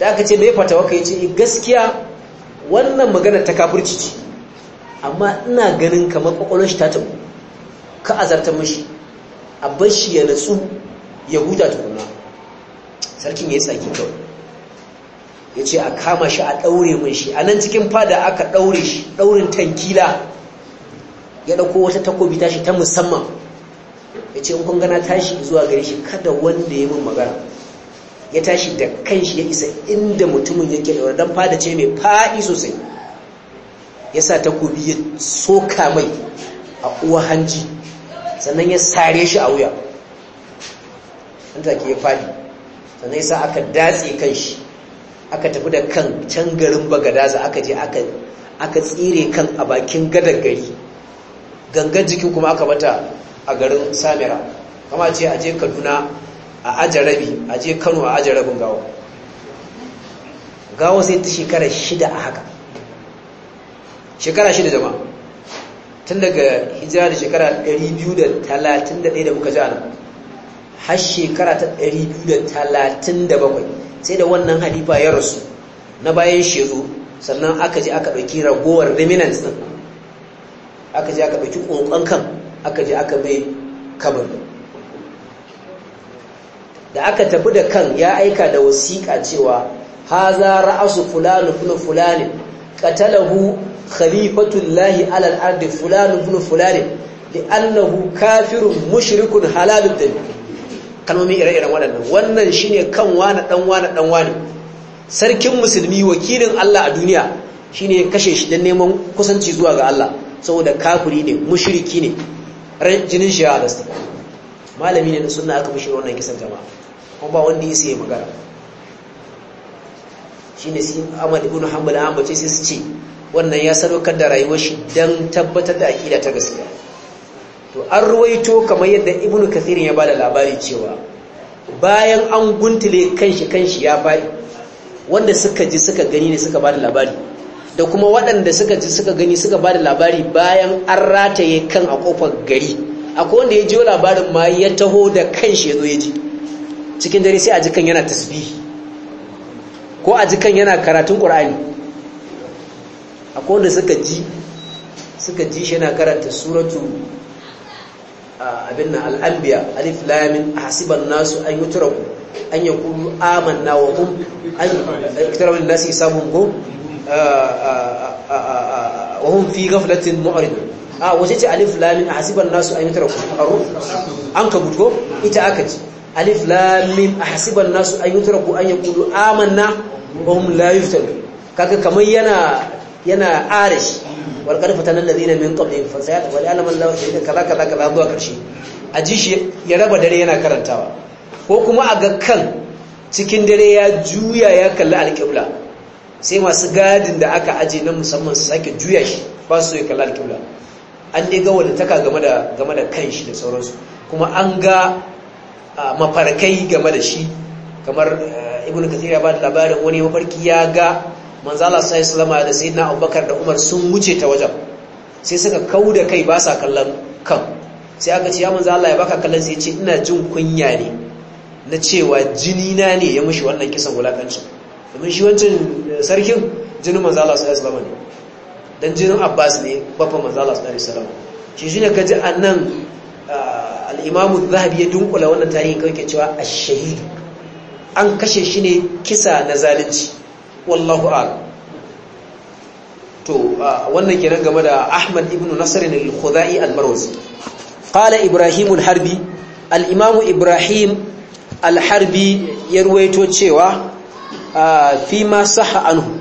da aka ce mai fatawa kai ce eh, gaskiya wannan magana ta kafirci ce amma ina ganin kamar kwakwalwar shi ta tabu ka azartar mashi a bar shi ya natsu ya huta tukuna sarkin ya yi tsaki kawai ya ce a kama shi a ɗaure mun shi a nan cikin fada aka ɗaure shi ɗaurin tankila ya ɗauko wata takobi tashi ta musamman ya ce in kun gana tashi zuwa gare shi kada wanda ya mun magana ya tashi da shi ya isa inda mutumin yake da dan fada ce mai faɗi sosai ya sa takobi ya soka mai a uwa hanji sannan ya sare shi a wuya an take ya fadi sannan yasa aka datse kan shi aka tafi da kan can garin bagadaza aka je aka aka tsire kan a bakin gadar gari gangan jiki kuma aka bata a garin samira kama ce a je kaduna a ajarabi a je kano a ajarabin gawa gawa sai ta shekara shida a haka shekara shida jama'a tun daga hijira da shekara 231 da muka ja a nan har shekara ta 237 sai da wannan halifa ya rasu na bayan shezo sannan aka je aka ɗauki ragowar remnants ɗin aka je aka ɗauki ƙoƙon kan aka je aka mai kabar da aka tafi da kan ya aika da wasiƙa cewa haza ra'asu fulani fulani fulani qatalahu Lahi alal ardi fulani fulani fulani li'annahu kafirun mushrikun halalun dabi kalmomi ire-iren waɗannan wannan shine kan wane dan wane dan wane sarkin musulmi wakilin Allah a duniya shine kashe shi dan neman kusanci zuwa ga Allah saboda kafiri ne mushriki ne jinin shi ya halasta malami ne na aka mishi wannan kisan jama'a kuma ba wanda ya sai magana shine sai Ahmad ibn Hanbal an bace sai su ce wannan ya sadaukar da rayuwar shi dan tabbatar da aqida ta gaskiya to an ruwaito kamar yadda ibnu kathir ya bada labari cewa bayan an guntule kanshi kanshi ya fari, wanda suka ji suka gani ne suka bada labari da kuma waɗanda suka ji suka gani suka bada labari bayan an rataye kan a kofar gari akwai wanda ya ji labarin ma ya taho da kanshi ya zo ya ji cikin dare sai a ji kan yana tasbihi ko a ji kan yana karatun ƙura'ani, akwai wanda suka ji suka ji shi yana karanta suratu abin nan al'ambiya alif lamin hasiban nasu an yi turaku an yi kulu amanna wa hum an iktarabin nasi samun ko wa hum fi gaflatin mu'arid a wace ce alif lamin hasiban nasu an yi turaku an ka ko ita aka ce alif lamin hasiban nasu an yi turaku an yi kulu amanna wa hum la yuftanu kaga kamar yana yana arish wal qad fatana alladhina min qablihim fa sayat wal alam Allah kaza kaza kaza zuwa karshe a ji shi ya raba dare yana karantawa ko kuma a ga kan cikin dare ya juya ya kalli alƙibla sai masu gadin da aka aje na musamman su sake juya shi ba su ya kalli alƙibla an dai ga wadataka game da game da kan shi da sauransu kuma an ga mafarkai game da shi kamar eh, ibnu kathir ya ba da labarin wani mafarki ya ga manzala sai salama da sayyidina abubakar da umar sun wuce ta wajen sai suka kau da kai ba sa kallon kan sai aka ce ya manzala ya baka kallon sai ce ina jin kunya ne na cewa jini na ne ya mushi wannan kisan wulakancin domin shi wancan eh, sarkin jinin manzala sai salama ne dan jinin abbas ne babban manzala sai salama shi shine kaji annan ah, al-imamu zahabi ya dunkula wannan tarihi kawai ke cewa ash-shahid an kashe shi ne kisa na zalunci wallahu a'lam to wannan kenan game da Ahmad ibn Nasr al-Khudai al-Marwazi qala Ibrahim al-Harbi al-Imam Ibrahim al-Harbi cewa fi ma sahha anhu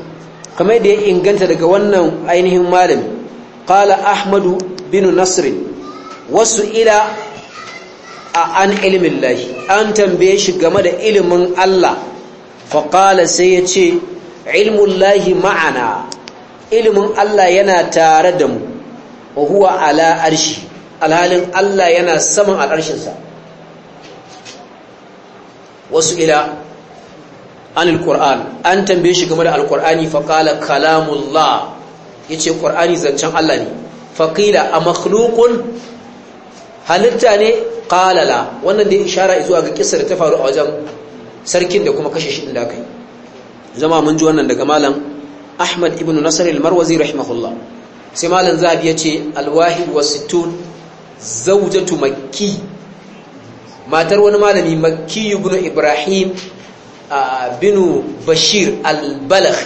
kamar da ya inganta daga wannan ainihin malami qala Ahmad bin Nasr wasu ila an ilmin lahi an tambaye shi game da ilimin Allah fa sai ya ce ilmullahi ma'ana ilimin Allah yana tare da mu wa huwa ala arshi alhalin Allah yana saman al'arshinsa wasu ila an alquran an tambaye shi game da alqurani fa qala kalamullah yace qur'ani zancen Allah ne fa a makhluqun halitta ne Ƙalala, wannan da ishara zuwa ga da ta faru a wajen sarkin da kuma kashe shi ɗin da kai zama mun ji wannan daga malam Ahmad ibn Nasr al-Marwazi rahimahullah sai malam Zahabi yace al-wahid wa sittun zawjatu makki matar wani malami makki ibn Ibrahim bin Bashir al-Balakh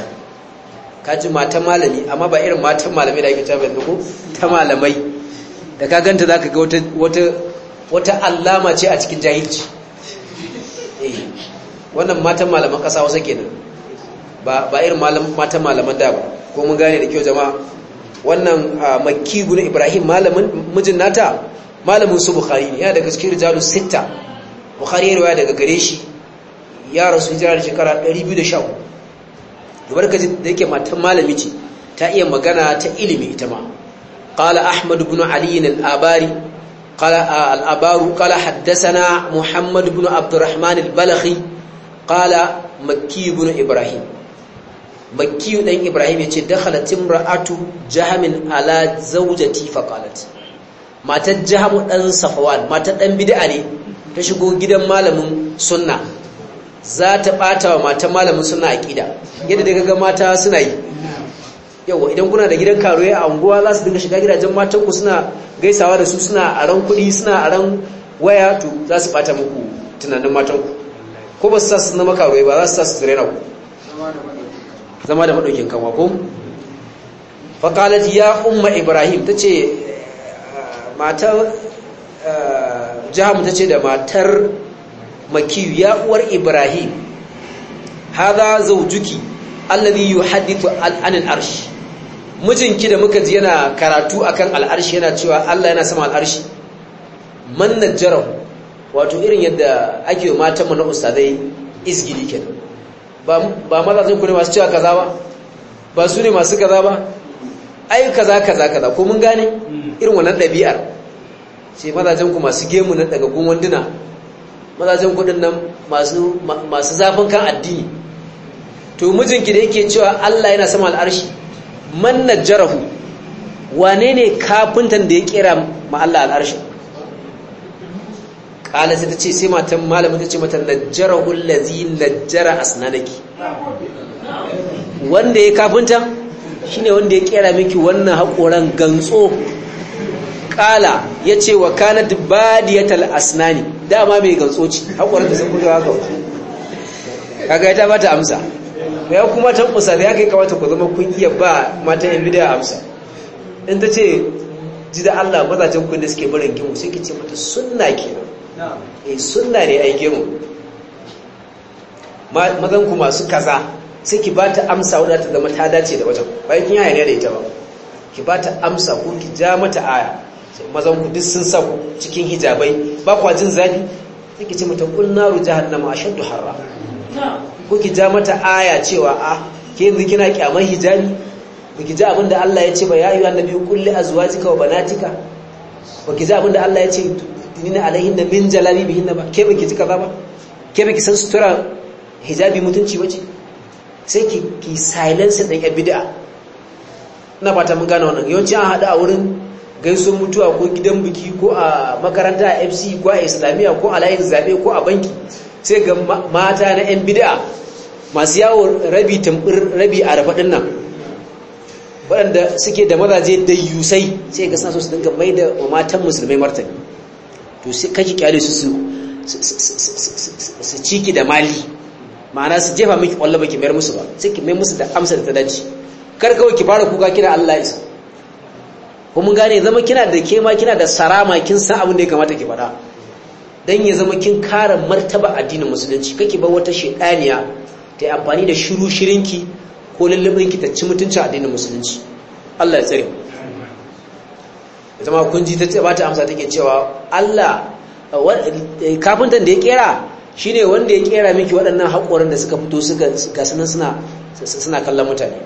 kaji mata malami amma ba irin matan malamai da ake ta bayan ko ta malamai da ka ganta zaka ga wata wata wata allama ce a cikin jahilci eh wannan matan malaman kasa wasa kenan ba irin mata malaman da ba ko mun gane da kyau jama'a wannan ah, makki gune ibrahim malamin mijin nata malamin su bukhari ne ya daga cikin rijalu sitta bukhari riwaya daga gare shi ya rasu hijira da shekara 214 dubar kaji da yake matan malami ce ta iya magana ta ilimi ita ma qala ahmad ibn aliyu ah, na abari قال haddasa قال حدثنا محمد بن عبد الرحمن البلخي قال مكي بن bakiyu dan ibrahim yace dakhala timra'atu jahamin ala zawjati faqalat matar jahamu dan safawan matar dan bid'a ne ta shigo gidan malamin sunna za ta bata wa matar malamin sunna aqida yadda daga ga mata suna yi yawa idan kuna da gidan karuwai a unguwa za su dinga shiga gidajen matan ku suna gaisawa da su suna aran kuɗi suna ran waya to za su bata muku tunanin matan ku ko ba su sa su zama ba za su sa su tsirena ku zama da maɗaukin kanwa ko faƙalat ya umma ibrahim ta ce, matar eh, ta ce da matar makiyu ya uwar ibrahim hadha juki, alladhi yuhaddithu an al'anin arsh mijinki da muka ji yana karatu akan al'arshi yana cewa Allah yana sama al'arshi man najjarahu wato irin yadda ake matan mu na ustadai izgili kenan ba mazajen ku ne masu cewa kaza ba ba su ne masu kaza ba ai kaza kaza kaza ko mun gane irin wannan ɗabi'ar ce mazajen ku masu gemu na daga gun wanduna mazajen ku nan masu zafin kan addini to mijinki da yake cewa Allah yana sama al'arshi man najjarahu wane ne kafintan da ya kera ma Allah al'arshi kala sai ta ce sai matan malamin ta ce mata najjarahu allazi najjara asnanaki wanda ya kafinta ne wanda ya kera miki wannan hakoran gantso kala ce wa kanat badiyatal asnani dama mai gantso ce hakoran da sun fito haka kaga ta bata amsa ya kuma ta kusa da yake kawata ku zama kun iya ba matan yan bid'a amsa in tace ji da Allah mazajen kun da suke barin gimu sai ki ce mata sunna kenan eh sunna ne ai gemu mazan ku masu kaza sai ki bata amsa wadda ta zama ta dace da wajen bayan kin yaya ne da ita ba ki bata amsa ko ki ja mata aya mazan ku duk sun sa cikin hijabai ba kwa jin zafi sai ki ce mata kunnaru jahannama ashaddu harra ko ki ja mata aya cewa a ah, ke yanzu kina kyamar hijabi ki ja abinda Allah ya ce ba ya yi wa nabi kulli azwajika wa banatika ki ja abinda Allah ya ce alaihin alaihinna min jalali na ba ke baki ji kaza ba ke baki san sutura hijabi mutunci ba ce sai ki ki silence da ya bid'a ina fata mun gane wannan yawanci an hada a wurin gaisuwar mutuwa ko gidan biki ko a makaranta a FC ko a Islamiyya ko a layin zabe ko a banki sai ga mata na yan bid'a masu yawo rabi tambir rabi a rafadin nan waɗanda suke da mazaje da yusai sai ga sa so su dinga mai da matan musulmai martani to sai kake kyale su su ciki da mali ma'ana su jefa miki kwallo baki mayar musu ba sai ki mai musu da amsa da ta dace kar kawai ki fara kuka kina Allah isa ko mun gane zama kina da kema kina da sarama kin san abin da ya kamata ki faɗa dan ya zama kin kare martaba addinin musulunci kake bar wata shedaniya ta yi amfani da shiru shirinki ko lallabinki ta ci mutuncin addinin musulunci Allah ya tsare mu ita ma kun ji ta ce ba ta amsa take cewa Allah kafintan da ya kera shine wanda ya kera miki waɗannan haƙorin da suka fito suka ga sunan suna suna kallon mutane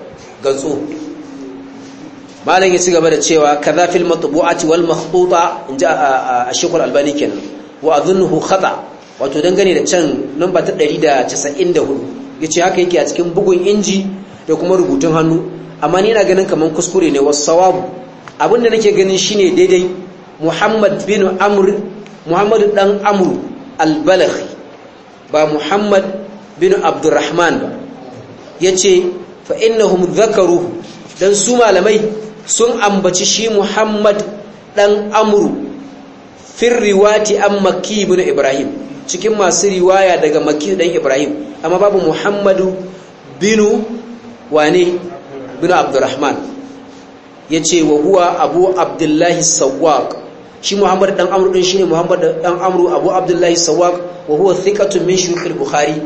gantsu malam ya ci gaba da cewa kaza fil matbu'ati wal makhtuta inji a shekul albani kenan wa adhunnuhu khata wato dangane da can namba ta ɗari da da casa'in hudu, ya yace haka yake a cikin bugun inji da kuma rubutun hannu amma ni ina ganin kaman kuskure ne wasu sawabu abinda nake ganin shine daidai muhammad bin amur muhammadu dan amur albalaghi ba muhammad bin abdurrahman ba yace fa innahum dhakaru dan su malamai sun ambaci shi muhammad dan amru fir riwati an makki ibn ibrahim cikin masu riwaya daga makki dan ibrahim amma babu muhammadu binu wane binu abdurrahman ya yace wa huwa abu abdullahi sawaq shi muhammad dan amru din shine muhammad dan amru abu abdullahi sawwaq wa huwa thiqatun min shuyukh al-bukhari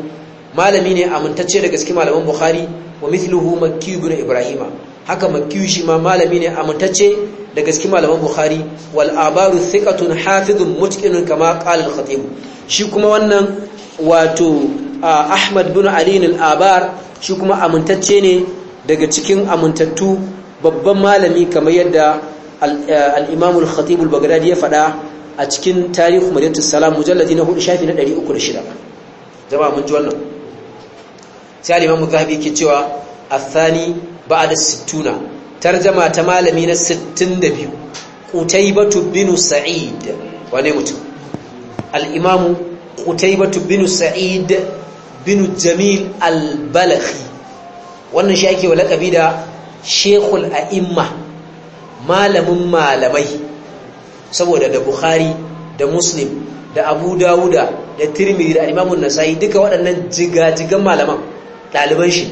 malami ne amintacce daga cikin malaman bukhari wa mithluhu makki ibn ibrahima haka makki shi ma malami ne amintacce daga cikin malaman bukhari wal abaru thiqatun hafizun mutqinun kama qala al-khatib shi kuma wannan wato ahmad bin ali al-abar shi kuma amintacce ne daga cikin amintattu babban malami kamar yadda eh, al-Imam al-Khatib al ya fada a cikin tarihu madinatu salam mujalladi na hudu shafi na 306 jama'a mun ji wannan sai al-Imam Zahabi yake cewa athani ba'da 60 tarjama ta malami na 62 Qutaybatu bin Sa'id wane mutum al-Imam Qutaybatu bin Sa'id bin Jamil al-Balakhi wannan shi ake wa laqabi da shekul a'imma malamin malamai saboda da bukhari da muslim da abu dawuda da tirmidhi da alimamun Nasayi duka waɗannan jigajigan malaman ɗaliban shi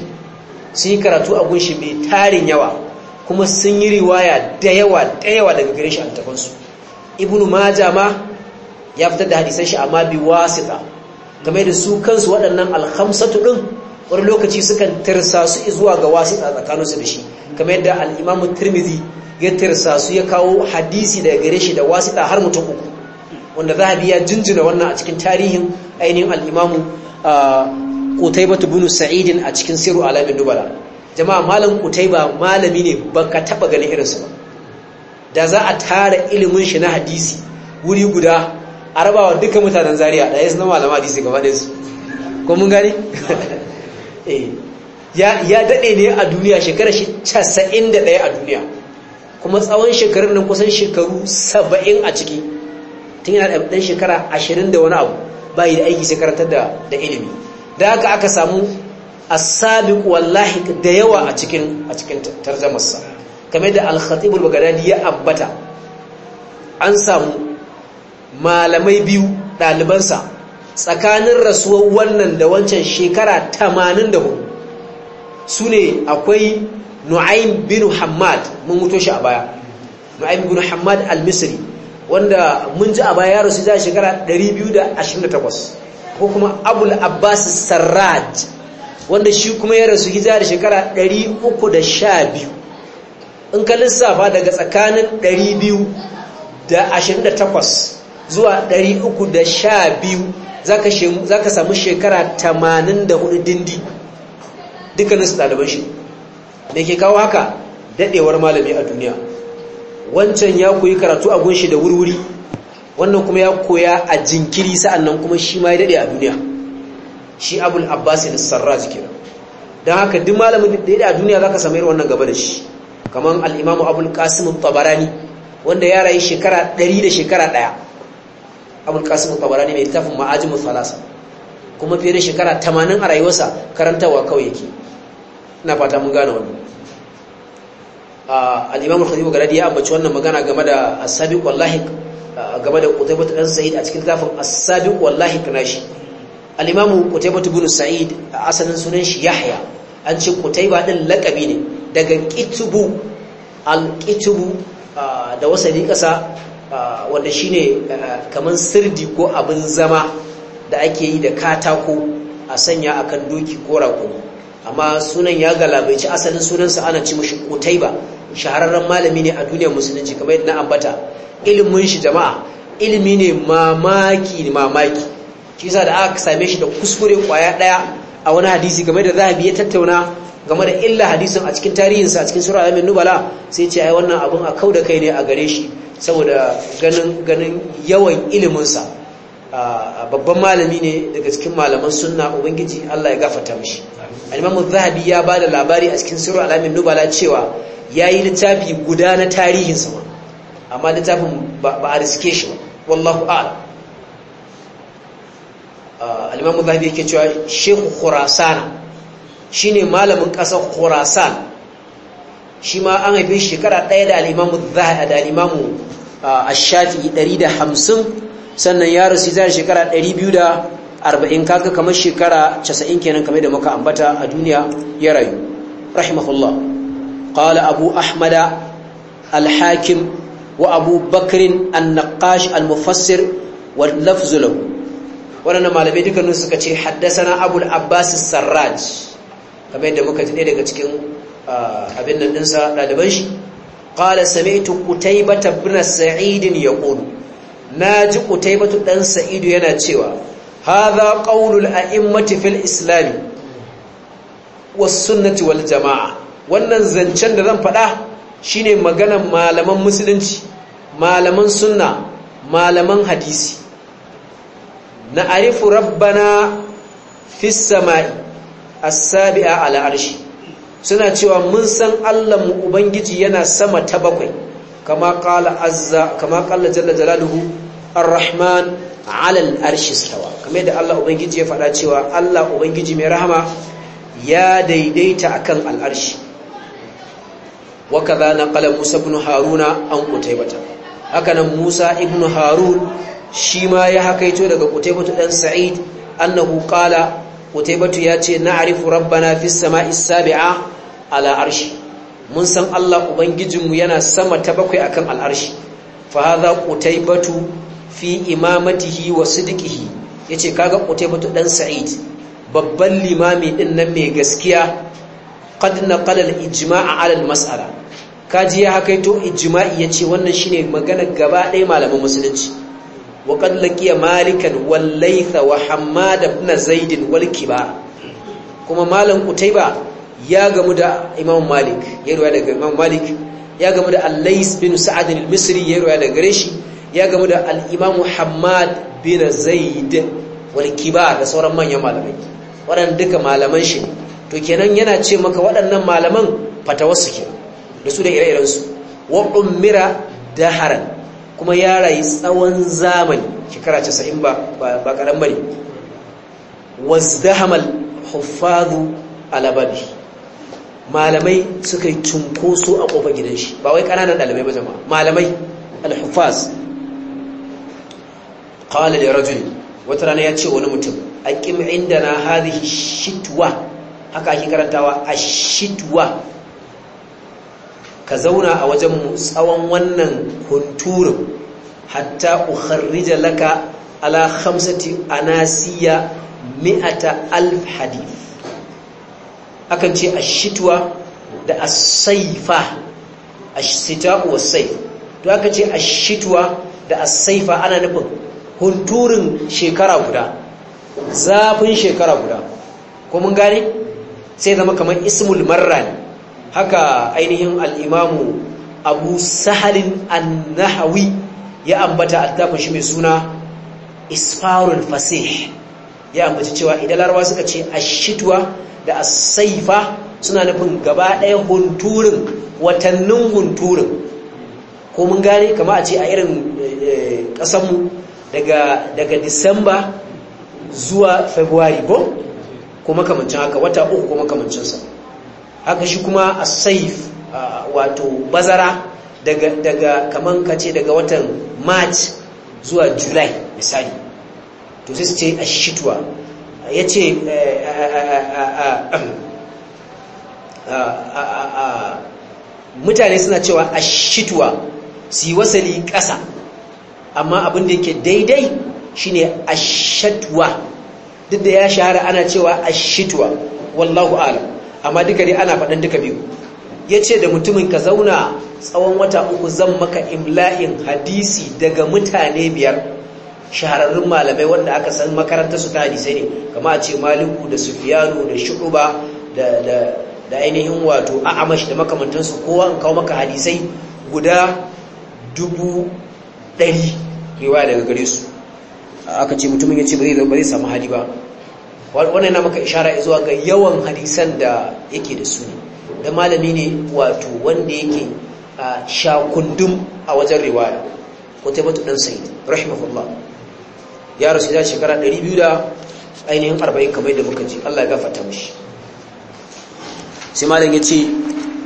sun yi karatu a gunshi mai tarin yawa kuma sun yi riwaya da yawa da yawa daga gare shi a littafansu ibnu maja ma ya fitar da hadisan shi amma bi wasita game da su kansu waɗannan alhamsatu ɗin wani lokaci sukan tirsa su zuwa ga wasita tsakaninsu da shi kamar yadda alimam turmizi ya tirsa su ya kawo hadisi daga gare shi da wasita har mutum uku wanda za a biya jinjina wannan a cikin tarihin ainihin al’imam kutai uh, Qutaybah ibn Sa'idin a cikin siru Alamin dubara. jama'a malam ba malami ne ba ka taba gani irinsu ba da za a tara ilimin shi na hadisi wuri guda a rabawa dukkan mutanen Zariya. da ya malama hadisi gaba da su ya daɗe ne a duniya shekarar shi ɗaya a duniya kuma tsawon shekarun nan kusan shekaru saba'in a ciki tun yana ɗan shekara ashirin da wani abu ba yi da aiki sai karantar da ilimi da haka aka samu a sabi wallahi da yawa a cikin a kamar da al bagadadi ya abbata an samu malamai biyu ɗalibansa tsakanin rasuwar wannan da wancan shekara tamanin da hudu. su ne akwai nu'aym bin hamad mun mutu shi a baya nu'aym bin hamad al-misri wanda mun ji a baya ya rasu za shekara 228 ko kuma abul abbas sarraj wanda shi kuma ya rasu hijira da shekara 312 in ka lissafa daga tsakanin 228 zuwa 312 za ka samu shekara 84 dindi dukkanin su ɗaliban shi me ke kawo haka daɗewar malami a duniya wancan ya koyi karatu a gunshi da wurwuri wannan kuma ya koya a jinkiri nan kuma shi ma ya daɗe a duniya shi abul abbas da sarraj don haka duk malamin da ya a duniya za ka samu irin wannan gaba da shi kamar al'imamu abul qasim tabarani wanda ya rayu shekara ɗari da shekara ɗaya abul qasim tabarani mai littafin ma'ajimu falasa kuma fiye da shekara tamanin a rayuwarsa karantawa kawai yake ina fata mun gane wannan al-imam al-khatib garadi ya ambaci wannan magana game da as-sabiq wallahi game da qutaybah dan sa'id a cikin tafsir as-sabiq wallahi kanashi al-imam qutaybah ibn sa'id asalin sunan shi yahya an ce qutaybah din laqabi ne daga kitubu, al-qitbu da wasali kasa wanda shine kaman sirdi ko abin zama da ake yi da katako a sanya akan doki ko rakumi amma sunan ya galabaici asalin sunansa ana ci mashi kutaiba shahararren malami ne a duniyar musulunci kamar yadda na ambata ilimin shi jama'a ilimi ne mamaki mamaki shi yasa da aka same shi da kuskure kwaya daya a wani hadisi game da zahabi ya tattauna game da illa hadisin a cikin tarihinsa a cikin sura alamin nubala sai ce ai wannan abun a kauda kai ne a gare shi saboda ganin ganin yawan iliminsa ah, babban malami ne daga cikin malaman sunna ubangiji Allah ya gafarta mishi al zahabi ya ba da labari a cikin sirru alamin nubala cewa ya yi littafi guda na tarihinsa sa amma littafin ba a riske shi ba wallahu a'lam ah, al zahabi yake cewa shehu khurasan shine malamin kasar khurasan shi ma an haife shekara ɗaya da al-imam zahabi da al-imam ah, ash-shafi'i 150 sannan ya rasu zai shekara 200 arba'in kaga kamar shekara casa'in kenan kamar da muka ambata a duniya ya rayu rahimahullah qala abu ahmada al-hakim wa abu bakirin an al-mufassir wal lafzu wannan malamai dukkanin suka ce haddasana abul abbas sarraj kamar yadda muka ji daga cikin ah, abin nan dinsa ɗaliban shi qala sami'tu qutaybata ibn sa'id na ji qutaybatu dan sa'idu yana cewa hadha qawlul a'immati fil islam was sunnati wal jama'a wannan zancen da zan faɗa shine maganan malaman musulunci malaman sunna malaman hadisi na arifu rabbana fis sama'i as-sabi'a ala arshi suna cewa mun san Allah mu ubangiji yana sama ta bakwai kama qala azza kama qala jalla jalaluhu ar-rahman alal arshi stawa kamar yadda Allah ubangiji ya faɗa cewa Allah ubangiji mai rahama ya daidaita akan al'arshi wa na naqala Musa ibn Haruna an Qutaybah haka Musa ibn Harun shi ma ya hakaito daga ƙutaibatu ɗan Sa'id annahu qala Qutaybah ya ce na rabbana fis sama'i sabi'a ala arshi mun san Allah ubangijinmu yana sama ta bakwai akan al'arshi fa hadha Qutaybah fi imamatihi wa sidqihi yace kaga mutu dan sa'id babban limami din nan mai gaskiya qad naqala al-ijma'a 'ala al-mas'ala kaji ya to ijma'i yace wannan shine magana gaba ɗaya malaman musulunci wa qad laqiya malikan wal wa hammad ibn zaid wal kiba kuma malam ba ya gamu da imam malik ya ruwa daga imam malik ya gamu da al bin sa'ad al-misri ya ruwa daga gare shi ya gamu da al'imamu hamad bin zaid walkiba da sauran manyan malamai waɗanda duka malaman shi to kenan yana ce maka waɗannan malaman fatawarsu ke da su da ire-irensu waɗin mira da haran kuma ya rayu tsawon zamani shekara casa'in ba ba kaɗan ba ne wasdahamal huffazu alababi malamai suka yi cunkoso a ƙofar gidan shi ba wai ƙananan ɗalibai ba jama'a malamai alhuffaz qala li rajul wata rana ya ce wani mutum aqim indana hadhihi shitwa haka ake karantawa ashitwa ka zauna a wajen mu tsawon wannan hunturin hatta ukharrija laka ala khamsati anasiya mi'ata alf hadith akan ce ashitwa da ashitwa wa sayf to aka ce ashitwa da asaifa ana nufin hunturin shekara guda zafin shekara guda ko mun gane sai zama kamar ismul marra haka ainihin al'imamu abu sahalin annahawi ya ambata a shi mai suna isfarul fasih ya ambaci cewa idan larawa suka ce ashituwa da asaifa suna nufin gaba ɗaya hunturin watannin hunturin ko mun gane kama a ce a irin eh, eh, ƙasanmu daga daga disamba zuwa february ko kuma makamancin haka wata uku ko makamancin sa haka shi kuma a saif wato bazara daga daga kaman kace daga watan march zuwa july misali to sai su ce a ya yace mutane suna cewa a shituwa su yi wasali ƙasa amma abin da yake daidai shine ashatwa duk da ya shahara ana cewa ashitwa wallahu alam amma duka dai ana faɗan duka biyu yace da mutumin ka zauna tsawon wata uku zan maka imla'in hadisi daga mutane biyar shahararrun malamai wanda aka san makarantarsu su ta hadisai ne kama a ce maliku da sufiyanu da shu'uba da da ainihin wato a'amash da makamantansu kowa in kawo maka hadisai guda dubu ɗari riwaya daga gare su aka ce mutumin ya ce ba zai samu hali ba wannan yana maka ishara zuwa ga yawan hadisan da yake da su ne da malami ne wato wanda yake a shakundum a wajen riwaya ko taibatu dan sai rahimahullah ya rasu ya shekara 200 da ainihin arba'in kamar da muka ji Allah ya gafarta mishi sai malam ya ce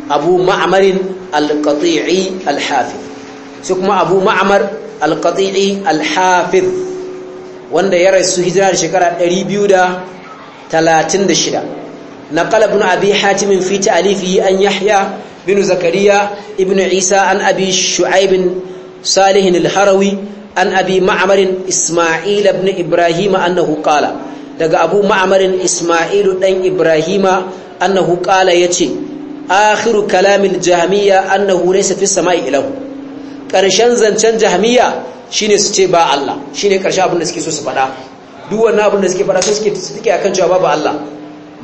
abu ma'amarin al-qati'i al-hafiz sai kuma abu ma'amar alƙati'i alhafiz wanda ya rasu hijira da shekara 236 na kalabin abi hatimin fi ta'alifi an yahya bin zakariya ibn isa an abi shu'aibin salihin alharawi an abi ma'amarin isma'il ibn ibrahima annahu qala daga abu ma'amarin isma'ilu dan ibrahima annahu qala yace akhiru kalamil jahmiya annahu laysa fis sama'i ilahu ƙarshen zancen jahmiya shine su ce ba Allah shine ƙarshen abin da suke so su faɗa duk wannan abin da suke faɗa su suke suke akan cewa babu Allah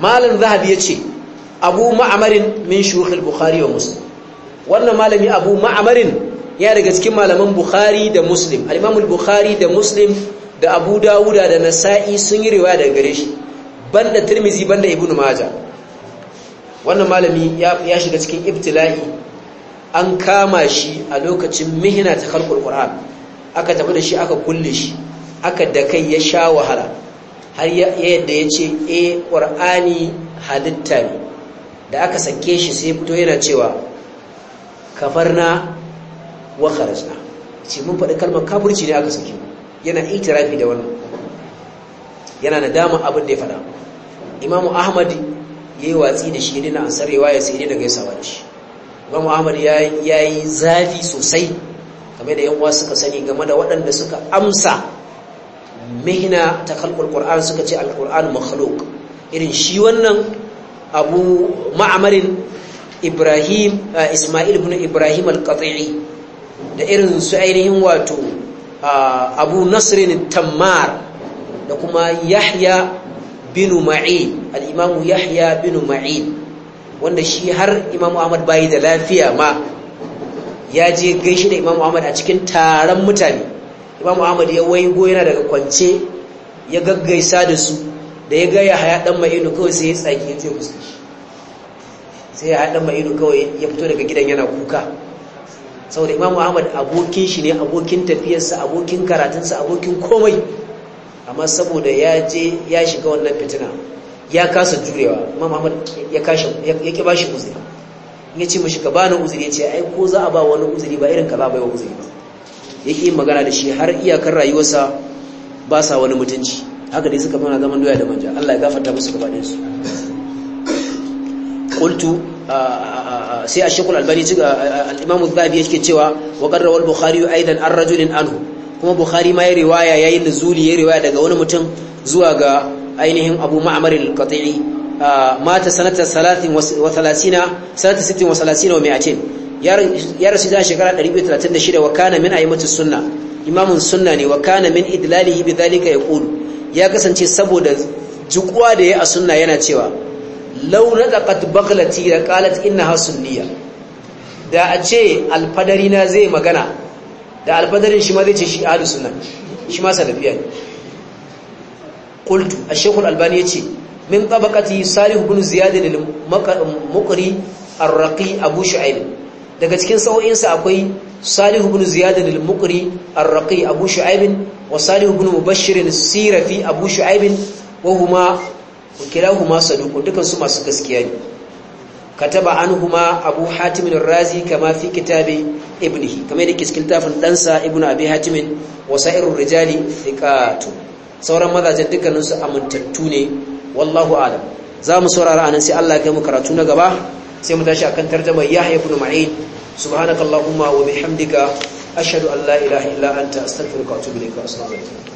malam zahabi yace abu ma'amarin min shuyukh bukhari wa muslim wannan malami abu ma'amarin ya daga cikin malaman bukhari da muslim al-imam al-bukhari da muslim da abu dawuda da nasa'i sun yi riwaya daga gare shi banda tirmizi banda ibnu majah wannan malami ya shiga cikin ibtila'i an kama shi a lokacin mihina ta kalkul ƙura'an aka tafi da shi aka kulle shi aka da kai ya sha wahala har yadda ya ce e ƙur'ani halitta ne da aka sake shi sai fito yana cewa kafarna wa kharajna ce mun faɗi kalmar kafirci ne aka sake yana itirafi da wannan yana nadama abin da ya faɗa imamu ahmad yi watsi da shi ne na sarewa ya sai ne daga yasawa da shi Imam Ahmad ya yi zafi sosai game da yan suka sani game da waɗanda suka amsa mihina ta kalkul Qur'an suka ce al makhluk irin shi wannan Abu Ma'amarin Ibrahim Ismail bin Ibrahim al da irin su ainihin wato Abu Nasrin tamar da kuma Yahya bin Ma'in al Yahya bin Ma'in wanda shi har Imam ahmad bayi da lafiya ma ya je gaishe da Imam ahmad a cikin taron mutane Imam ahmad ya waigo yana daga kwance ya gaggaisa da su da ya gaya haya dan ma'inu kawai sai ya tsaki ya ce musu sai ya mai ma'inu kawai ya fito daga gidan yana kuka saboda Imam ahmad abokin shi ne abokin tafiyarsa abokin karatunsa abokin komai amma saboda ya je ya shiga wannan fitina ya kasa jurewa ma muhammad ya kashi ya ki bashi uzuri ya ce mashi ka bani uzuri ya ce ai ko za a ba wani uzuri ba irin ka za a baiwa uzuri ba ya ki magana da shi har iyakar rayuwarsa ba sa wani mutunci haka dai suka fara zaman doya da manja Allah ya gafarta musu gaba ɗayan su qultu sai a shekul albani albani ga imam az ya ke cewa wa karrawar bukhari yi aidan an rajulin anhu kuma bukhari ma ya riwaya yayin zuli ya riwaya daga wani mutum zuwa ga ainihin abu ma'amar al-qati'i mata sanata 30 wa 30 sanata 60 wa 30 wa 200 ya rasu da shekara 236 wa kana min ayyamatus sunna imamun sunna ne wa kana min idlalihi bidhalika yaqulu ya kasance saboda jukuwa da ya a sunna yana cewa law nadaqat baghlati la qalat innaha sunniya da a ce alfadari na zai magana da alfadarin shi ma zai ce shi ahlus sunna shi ma salafiya ne qultu ash-shaykh al-albani yace min tabaqati salih ibn ziyad al-muqri ar-raqi abu shu'aib daga cikin sa'o'insa akwai salih ibn ziyad al-muqri ar-raqi abu shu'aib wa salih ibn mubashshir as-sirafi abu shu'aib wa huma kilahuma saduqu dukan su masu gaskiya ne kataba abu كتب عنهما kama fi الرازي كما في كتاب ابنه tafin يدك اسكلتاف الدنسى ابن أبي حاتم وسائر الرجال ثقات sauran mazajen dukkaninsu amintattu ne wallahu alam za mu saurara anan sai Allah ya kai mu karatu na gaba sai mu tashi akan tarjumar Yahya ibn Ma'in subhanakallahumma wa bihamdika ashhadu an la ilaha illa anta astaghfiruka wa atubu ilaik assalamu alaikum